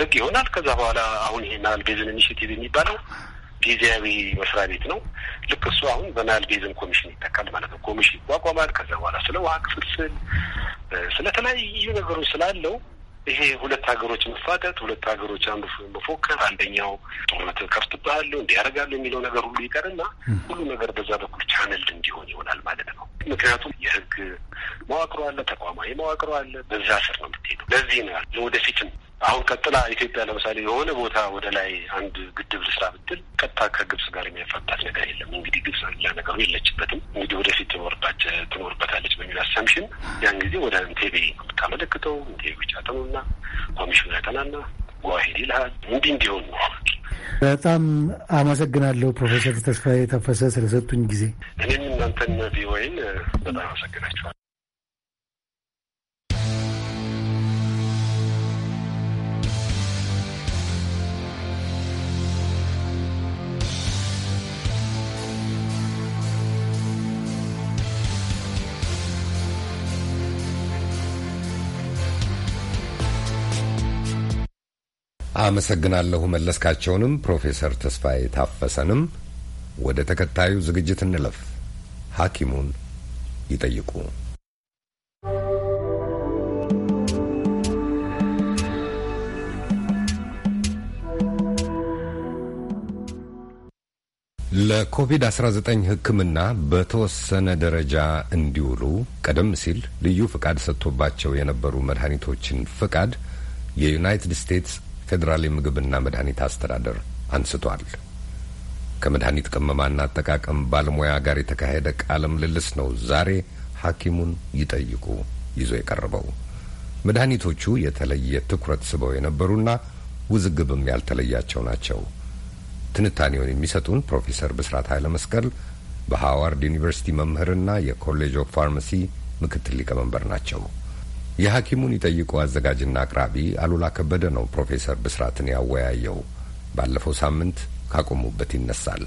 ህግ ይሆናል። ከዛ በኋላ አሁን ይሄ ናይል ቤዝን ኢኒሽቲቭ የሚባለው ጊዜያዊ መስሪያ ቤት ነው። ልክ እሱ አሁን በናይል ቤዝን ኮሚሽን ይተካል ማለት ነው። ኮሚሽን ይቋቋማል። ከዛ በኋላ ስለ ውሃ ክፍፍል፣ ስለተለያዩ ነገሮች ስላለው ይሄ ሁለት ሀገሮች መፋጠጥ፣ ሁለት ሀገሮች አንዱ መፎከር፣ አንደኛው ጦርነት ከፍትብሃለሁ እንዲህ ያደርጋለሁ የሚለው ነገር ሁሉ ይቀርና ሁሉ ነገር በዛ በኩል ቻነል እንዲሆን ይሆናል ማለት ነው። ምክንያቱም የህግ መዋቅሮ አለ፣ ተቋማዊ መዋቅሮ አለ። በዛ ስር ነው የምትሄደው። ለዚህ ነው ለወደፊትም አሁን ቀጥላ ኢትዮጵያ ለምሳሌ የሆነ ቦታ ወደ ላይ አንድ ግድብ ልስራ ብትል ቀጥታ ከግብጽ ጋር የሚያፋጣት ነገር የለም። እንግዲህ ግብጽ ያ ነገሩ የለችበትም። እንግዲህ ወደፊት ትኖርባቸ ትኖርበታለች በሚል አሳምሽን ያን ጊዜ ወደ እንቴቤ የምታመለክተው ብቻ ተኑና ኮሚሽኑ ያጠናና ጓሂድ ይልሃል። እንዲህ እንዲሆን ነው። በጣም አመሰግናለሁ ፕሮፌሰር ተስፋዬ ታፈሰ ስለሰጡኝ ጊዜ። እኔም እናንተን ቪኦኤን በጣም አመሰግናችኋል። አመሰግናለሁ መለስካቸውንም ፕሮፌሰር ተስፋዬ ታፈሰንም። ወደ ተከታዩ ዝግጅት እንለፍ። ሐኪሙን ይጠይቁ ለኮቪድ-19 ሕክምና በተወሰነ ደረጃ እንዲውሉ ቀደም ሲል ልዩ ፍቃድ ሰጥቶባቸው የነበሩ መድኃኒቶችን ፍቃድ የዩናይትድ ስቴትስ የፌዴራል የምግብና መድኃኒት አስተዳደር አንስቷል። ከመድኃኒት ቅመማና አጠቃቀም ባለሙያ ጋር የተካሄደ ቃለ ምልልስ ነው ዛሬ ሐኪሙን ይጠይቁ ይዞ የቀረበው። መድኃኒቶቹ የተለየ ትኩረት ስበው የነበሩና ውዝግብም ያልተለያቸው ናቸው። ትንታኔውን የሚሰጡን ፕሮፌሰር ብስራት ኃይለ መስቀል በሃዋርድ ዩኒቨርሲቲ መምህርና የኮሌጅ ኦፍ ፋርማሲ ምክትል ሊቀመንበር ናቸው። የሐኪሙን ይጠይቁ አዘጋጅና አቅራቢ አሉላ ከበደ ነው ፕሮፌሰር ብስራትን ያወያየው። ባለፈው ሳምንት ካቆሙበት ይነሳል።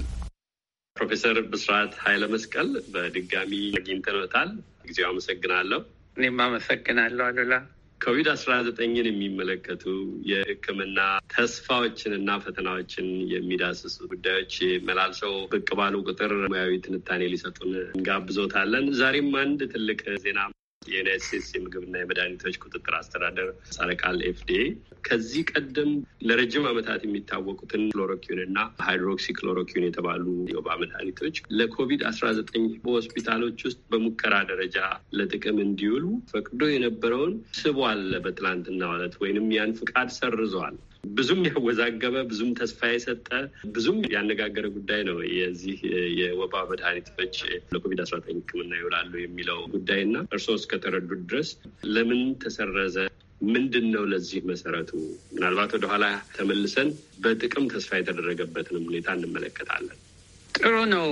ፕሮፌሰር ብስራት ኃይለ መስቀል በድጋሚ አግኝተኖታል። ጊዜው አመሰግናለሁ። እኔም አመሰግናለሁ አሉላ። ኮቪድ አስራ ዘጠኝን የሚመለከቱ የሕክምና ተስፋዎችን እና ፈተናዎችን የሚዳስሱ ጉዳዮች መላልሰው ብቅ ባሉ ቁጥር ሙያዊ ትንታኔ ሊሰጡን እንጋብዞታለን። ዛሬም አንድ ትልቅ ዜና የዩናይት ስቴትስ የምግብና የመድኃኒቶች ቁጥጥር አስተዳደር ሳለቃል ኤፍዲኤ ከዚህ ቀደም ለረጅም ዓመታት የሚታወቁትን ክሎሮኪን እና ሃይድሮክሲ ክሎሮኪን የተባሉ የወባ መድኃኒቶች ለኮቪድ አስራ ዘጠኝ በሆስፒታሎች ውስጥ በሙከራ ደረጃ ለጥቅም እንዲውሉ ፈቅዶ የነበረውን ስቧል። በትላንትና ዕለት ወይንም ያን ፍቃድ ሰርዘዋል። ብዙም ያወዛገበ ብዙም ተስፋ የሰጠ ብዙም ያነጋገረ ጉዳይ ነው። የዚህ የወባ መድኃኒቶች ለኮቪድ አስራ ዘጠኝ ሕክምና ይውላሉ የሚለው ጉዳይ እና እርስዎ እስከተረዱት ድረስ ለምን ተሰረዘ? ምንድን ነው ለዚህ መሰረቱ? ምናልባት ወደኋላ ተመልሰን በጥቅም ተስፋ የተደረገበትንም ሁኔታ እንመለከታለን። ጥሩ ነው።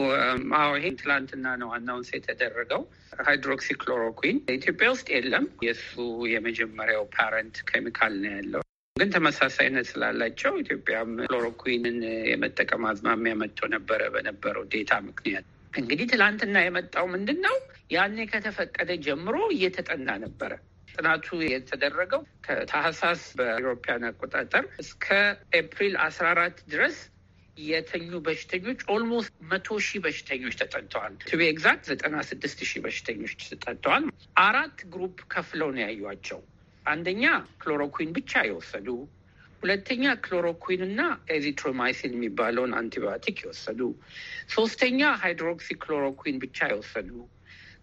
አዎ ይሄ ትላንትና ነው አናውንስ የተደረገው። ሃይድሮክሲክሎሮኩዊን ኢትዮጵያ ውስጥ የለም። የእሱ የመጀመሪያው ፓረንት ኬሚካል ነው ያለው ግን ተመሳሳይነት ስላላቸው ኢትዮጵያም ክሎሮኩዊንን የመጠቀም አዝማሚያ መጥቶ ነበረ በነበረው ዴታ ምክንያት። እንግዲህ ትላንትና የመጣው ምንድን ነው? ያኔ ከተፈቀደ ጀምሮ እየተጠና ነበረ። ጥናቱ የተደረገው ከታህሳስ በኢሮፓያን አቆጣጠር እስከ ኤፕሪል አስራ አራት ድረስ የተኙ በሽተኞች ኦልሞስት መቶ ሺህ በሽተኞች ተጠንተዋል። ቱቤ ኤግዛክት ዘጠና ስድስት ሺህ በሽተኞች ተጠንተዋል። አራት ግሩፕ ከፍለው ነው ያዩቸው። አንደኛ ክሎሮኩዊን ብቻ የወሰዱ፣ ሁለተኛ ክሎሮኩዊን እና ኤዚትሮማይሲን የሚባለውን አንቲባዮቲክ የወሰዱ፣ ሶስተኛ ሃይድሮክሲ ክሎሮኩዊን ብቻ የወሰዱ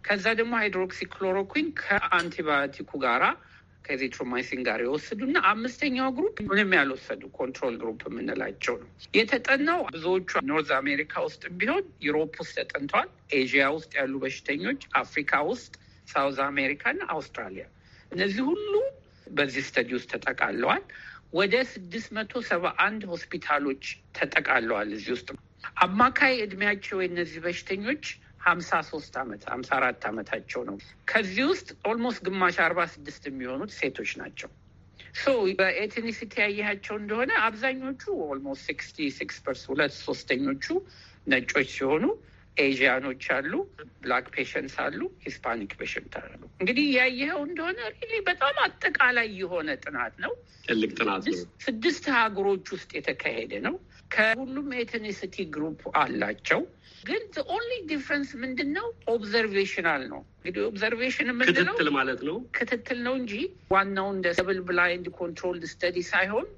ከዛ ደግሞ ሃይድሮክሲ ክሎሮኩዊን ከአንቲባዮቲኩ ጋራ ከኤዚትሮማይሲን ጋር የወሰዱ እና አምስተኛው ግሩፕ ምንም ያልወሰዱ ኮንትሮል ግሩፕ የምንላቸው ነው። የተጠናው ብዙዎቹ ኖርዝ አሜሪካ ውስጥ ቢሆን ዩሮፕ ውስጥ ተጠንተዋል። ኤዥያ ውስጥ ያሉ በሽተኞች፣ አፍሪካ ውስጥ፣ ሳውዝ አሜሪካ እና አውስትራሊያ እነዚህ ሁሉ በዚህ ስተዲ ውስጥ ተጠቃለዋል። ወደ ስድስት መቶ ሰባ አንድ ሆስፒታሎች ተጠቃለዋል። እዚህ ውስጥ አማካይ እድሜያቸው የእነዚህ በሽተኞች ሀምሳ ሶስት አመት ሀምሳ አራት አመታቸው ነው። ከዚህ ውስጥ ኦልሞስት ግማሽ አርባ ስድስት የሚሆኑት ሴቶች ናቸው። ሶ በኤትኒሲቲ ያየሃቸው እንደሆነ አብዛኞቹ ኦልሞስት ሲክስቲ ሲክስ ፐርስ ሁለት ሶስተኞቹ ነጮች ሲሆኑ ኤዥያኖች አሉ፣ ብላክ ፔሸንት አሉ፣ ሂስፓኒክ ፔሽንት አሉ። እንግዲህ ያየኸው እንደሆነ ሪሊ በጣም አጠቃላይ የሆነ ጥናት ነው። ትልቅ ጥናት ነው። ስድስት ሀገሮች ውስጥ የተካሄደ ነው። ከሁሉም ኤትኒሲቲ ግሩፕ አላቸው። ግን ኦንሊ ዲፍረንስ ምንድን ነው? ኦብዘርቬሽናል ነው። እንግዲህ ኦብዘርቬሽን የምንለው ክትትል ማለት ነው። ክትትል ነው እንጂ ዋናው እንደ ደብል ብላይንድ ኮንትሮልድ ስተዲ ሳይሆን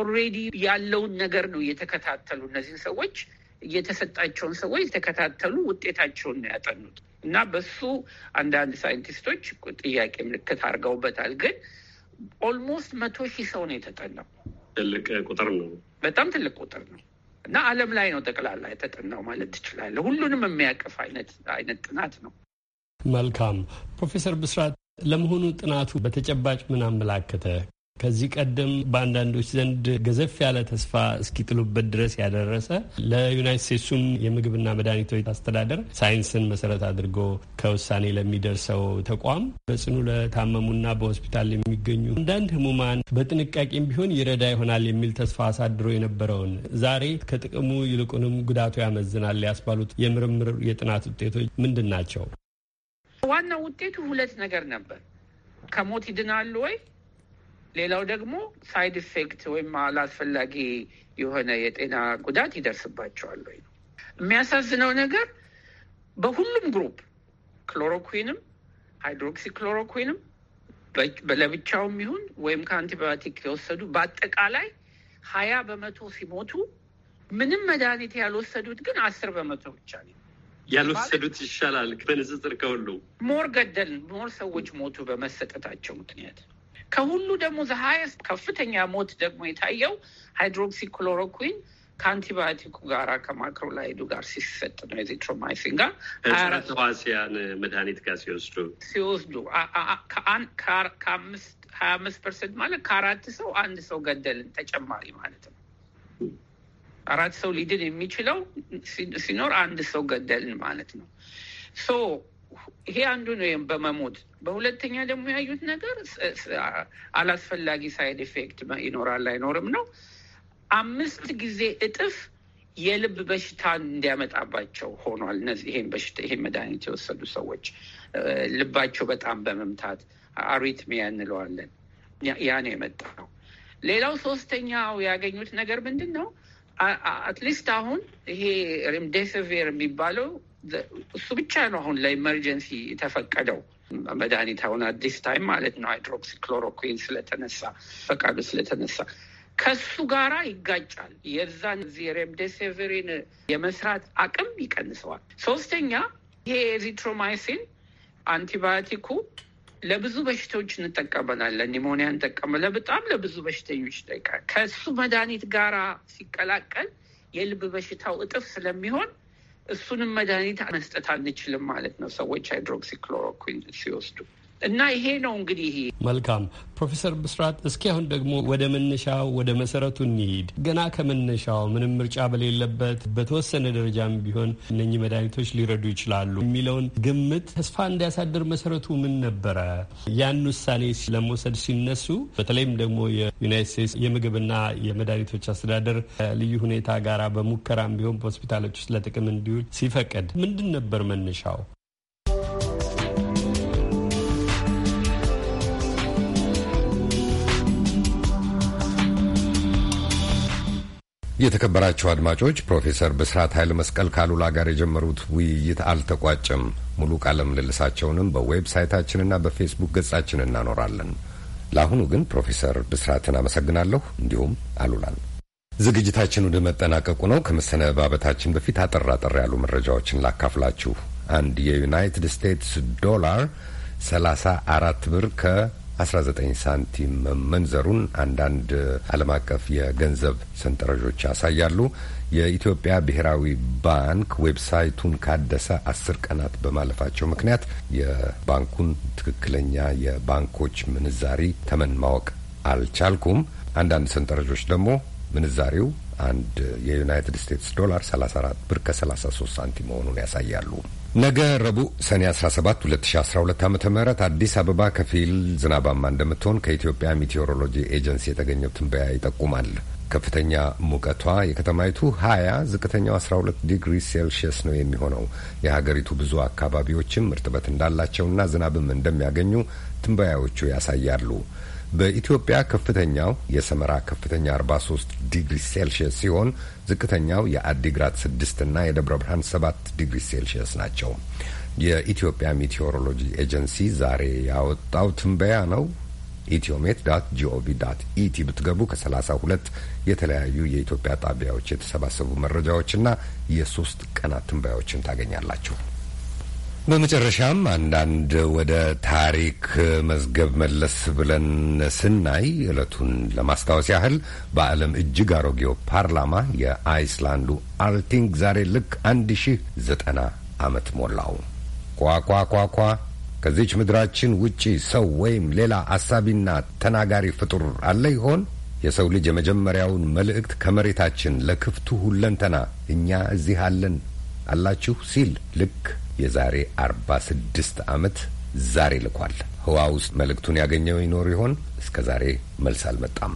ኦልሬዲ ያለውን ነገር ነው እየተከታተሉ እነዚህን ሰዎች የተሰጣቸውን ሰዎች የተከታተሉ ውጤታቸውን ነው ያጠኑት እና በሱ አንዳንድ ሳይንቲስቶች ጥያቄ ምልክት አድርገውበታል። ግን ኦልሞስት መቶ ሺህ ሰው ነው የተጠናው። ትልቅ ቁጥር ነው፣ በጣም ትልቅ ቁጥር ነው እና ዓለም ላይ ነው ጠቅላላ የተጠናው ማለት ትችላለህ። ሁሉንም የሚያቅፍ አይነት አይነት ጥናት ነው። መልካም ፕሮፌሰር ብስራት፣ ለመሆኑ ጥናቱ በተጨባጭ ምን አመላከተ? ከዚህ ቀደም በአንዳንዶች ዘንድ ገዘፍ ያለ ተስፋ እስኪጥሉበት ድረስ ያደረሰ ለዩናይት ስቴትሱም የምግብና መድኃኒቶች አስተዳደር ሳይንስን መሰረት አድርጎ ከውሳኔ ለሚደርሰው ተቋም በጽኑ ለታመሙና በሆስፒታል የሚገኙ አንዳንድ ህሙማን በጥንቃቄም ቢሆን ይረዳ ይሆናል የሚል ተስፋ አሳድሮ የነበረውን ዛሬ ከጥቅሙ ይልቁንም ጉዳቱ ያመዝናል ያስባሉት የምርምር የጥናት ውጤቶች ምንድን ናቸው? ዋናው ውጤቱ ሁለት ነገር ነበር። ከሞት ይድናሉ ወይ ሌላው ደግሞ ሳይድ ኢፌክት ወይም አላስፈላጊ የሆነ የጤና ጉዳት ይደርስባቸዋል ወይ ነው። የሚያሳዝነው ነገር በሁሉም ግሩፕ ክሎሮኩዊንም ሃይድሮክሲ ለብቻውም ይሁን ወይም ከአንቲባዮቲክ የወሰዱ በአጠቃላይ ሀያ በመቶ ሲሞቱ ምንም መድኃኒት ያልወሰዱት ግን አስር በመቶ ብቻ ነው። ያልወሰዱት ይሻላል በንጽጽር ከሁሉ ሞር ገደል ሞር ሰዎች ሞቱ በመሰጠታቸው ምክንያት ከሁሉ ደግሞ ዘሀያስ ከፍተኛ ሞት ደግሞ የታየው ሃይድሮክሲክሎሮኩዊን ክሎሮኩዊን ከአንቲባዮቲኩ ጋራ ከማክሮላይዱ ጋር ሲሰጥ ነው። የዚትሮማይሲን ጋር ተዋሲያን መድኃኒት ጋር ሲወስዱ ሲወስዱ ከአምስት ሀያ አምስት ፐርሰንት ማለት ከአራት ሰው አንድ ሰው ገደልን ተጨማሪ ማለት ነው። አራት ሰው ሊድን የሚችለው ሲኖር አንድ ሰው ገደልን ማለት ነው ሶ ይሄ አንዱ ነው ወይም በመሞት በሁለተኛ ደግሞ ያዩት ነገር አላስፈላጊ ሳይድ ኢፌክት ይኖራል አይኖርም ነው። አምስት ጊዜ እጥፍ የልብ በሽታ እንዲያመጣባቸው ሆኗል። ይሄን በሽታ ይሄን መድኃኒት የወሰዱ ሰዎች ልባቸው በጣም በመምታት አሪትሚያ እንለዋለን። ያ ነው ነው ሌላው ሶስተኛው ያገኙት ነገር ምንድን ነው? አትሊስት አሁን ይሄ ሬምዴሲቪር የሚባለው እሱ ብቻ ነው አሁን ለኢመርጀንሲ የተፈቀደው መድኃኒት አሁን አዲስ ታይም ማለት ነው ሃይድሮክሲ ክሎሮኩዊን ስለተነሳ ፈቃዱ ስለተነሳ ከሱ ጋራ ይጋጫል። የዛን ዚህ ሬምዴሴቨሪን የመስራት አቅም ይቀንሰዋል። ሶስተኛ ይሄ ኤዚትሮማይሲን አንቲባዮቲኩ ለብዙ በሽታዎች እንጠቀመናለን። ኒሞኒያ እንጠቀመለ በጣም ለብዙ በሽተኞች ይጠይቃል። ከእሱ መድኃኒት ጋራ ሲቀላቀል የልብ በሽታው እጥፍ ስለሚሆን እሱንም መድኃኒት መስጠት አንችልም ማለት ነው። ሰዎች ሃይድሮክሲክሎሮኩዊን ሲወስዱ እና ይሄ ነው እንግዲህ መልካም ፕሮፌሰር ብስራት እስኪ አሁን ደግሞ ወደ መነሻው ወደ መሰረቱ እንሂድ። ገና ከመነሻው ምንም ምርጫ በሌለበት በተወሰነ ደረጃም ቢሆን እነኚህ መድኃኒቶች ሊረዱ ይችላሉ የሚለውን ግምት ተስፋ እንዲያሳድር መሰረቱ ምን ነበረ? ያን ውሳኔ ለመውሰድ ሲነሱ በተለይም ደግሞ የዩናይት ስቴትስ የምግብና የመድኃኒቶች አስተዳደር ልዩ ሁኔታ ጋራ በሙከራም ቢሆን በሆስፒታሎች ውስጥ ለጥቅም እንዲውል ሲፈቅድ ምንድን ነበር መነሻው? የተከበራቸው አድማጮች ፕሮፌሰር ብስራት ኃይለ መስቀል ካሉላ ጋር የጀመሩት ውይይት አልተቋጨም። ሙሉ ቃለ ምልልሳቸውንም በዌብሳይታችንና በፌስቡክ ገጻችን እናኖራለን። ለአሁኑ ግን ፕሮፌሰር ብስራትን አመሰግናለሁ። እንዲሁም አሉላል። ዝግጅታችን ወደ መጠናቀቁ ነው። ከመሰነባበታችን በፊት አጠር አጠር ያሉ መረጃዎችን ላካፍላችሁ። አንድ የዩናይትድ ስቴትስ ዶላር 34 ብር ከ 19 ሳንቲም መንዘሩን አንዳንድ ዓለም አቀፍ የገንዘብ ሰንጠረዦች ያሳያሉ። የኢትዮጵያ ብሔራዊ ባንክ ዌብሳይቱን ካደሰ አስር ቀናት በማለፋቸው ምክንያት የባንኩን ትክክለኛ የባንኮች ምንዛሪ ተመን ማወቅ አልቻልኩም። አንዳንድ ሰንጠረዦች ደግሞ ምንዛሪው አንድ የዩናይትድ ስቴትስ ዶላር 34 ብር ከ33 ሳንቲም መሆኑን ያሳያሉ። ነገ ረቡዕ ሰኔ 17 2012 ዓ ም አዲስ አበባ ከፊል ዝናባማ እንደምትሆን ከኢትዮጵያ ሜቴዎሮሎጂ ኤጀንሲ የተገኘው ትንበያ ይጠቁማል። ከፍተኛ ሙቀቷ የከተማይቱ 20፣ ዝቅተኛው 12 ዲግሪ ሴልሺየስ ነው የሚሆነው። የሀገሪቱ ብዙ አካባቢዎችም እርጥበት እንዳላቸውና ዝናብም እንደሚያገኙ ትንበያዎቹ ያሳያሉ። በኢትዮጵያ ከፍተኛው የሰመራ ከፍተኛ 43 ዲግሪ ሴልሽየስ ሲሆን ዝቅተኛው የአዲግራት ስድስትና የደብረ ብርሃን ሰባት ዲግሪ ሴልሽየስ ናቸው። የኢትዮጵያ ሜቴዎሮሎጂ ኤጀንሲ ዛሬ ያወጣው ትንበያ ነው። ኢትዮሜት ዳት ጂኦቪ ዳት ኢቲ ብትገቡ ከ32 የተለያዩ የኢትዮጵያ ጣቢያዎች የተሰባሰቡ መረጃዎችና የሶስት ቀናት ትንበያዎችን ታገኛላችሁ። በመጨረሻም አንዳንድ ወደ ታሪክ መዝገብ መለስ ብለን ስናይ ዕለቱን ለማስታወስ ያህል በዓለም እጅግ አሮጌው ፓርላማ የአይስላንዱ አልቲንግ ዛሬ ልክ አንድ ሺህ ዘጠና ዓመት ሞላው። ኳኳኳኳ ከዚች ምድራችን ውጪ ሰው ወይም ሌላ አሳቢና ተናጋሪ ፍጡር አለ ይሆን? የሰው ልጅ የመጀመሪያውን መልእክት ከመሬታችን ለክፍቱ ሁለንተና እኛ እዚህ አለን አላችሁ ሲል ልክ የዛሬ 46 ዓመት ዛሬ ልኳል። ህዋ ውስጥ መልእክቱን ያገኘው ይኖር ይሆን? እስከ ዛሬ መልስ አልመጣም።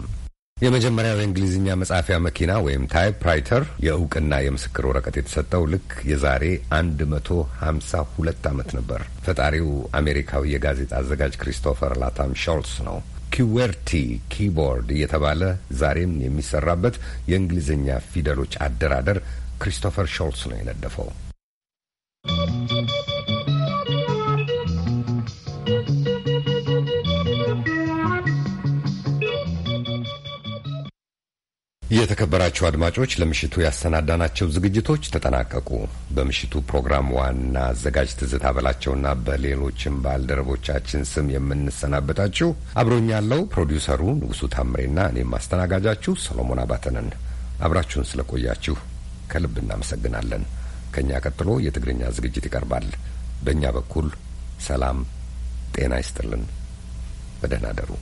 የመጀመሪያው የእንግሊዝኛ መጻፊያ መኪና ወይም ራይተር የእውቅና የምስክር ወረቀት የተሰጠው ልክ የዛሬ 152 ዓመት ነበር። ፈጣሪው አሜሪካዊ የጋዜጣ አዘጋጅ ክሪስቶፈር ላታም ሾልስ ነው። ኪዌርቲ ኪቦርድ እየተባለ ዛሬም የሚሰራበት የእንግሊዝኛ ፊደሎች አደራደር ክሪስቶፈር ሾልስ ነው የነደፈው። የተከበራችሁ አድማጮች ለምሽቱ ያሰናዳናቸው ዝግጅቶች ተጠናቀቁ። በምሽቱ ፕሮግራም ዋና አዘጋጅ ትዝታ በላቸውና በሌሎችም ባልደረቦቻችን ስም የምንሰናበታችሁ አብሮኝ ያለው ፕሮዲውሰሩ ንጉሱ ታምሬና እኔም አስተናጋጃችሁ ሰሎሞን አባተንን አብራችሁን ስለቆያችሁ ከልብ እናመሰግናለን። ከእኛ ቀጥሎ የትግርኛ ዝግጅት ይቀርባል። በእኛ በኩል ሰላም ጤና ይስጥልን። በደህና ደሩ።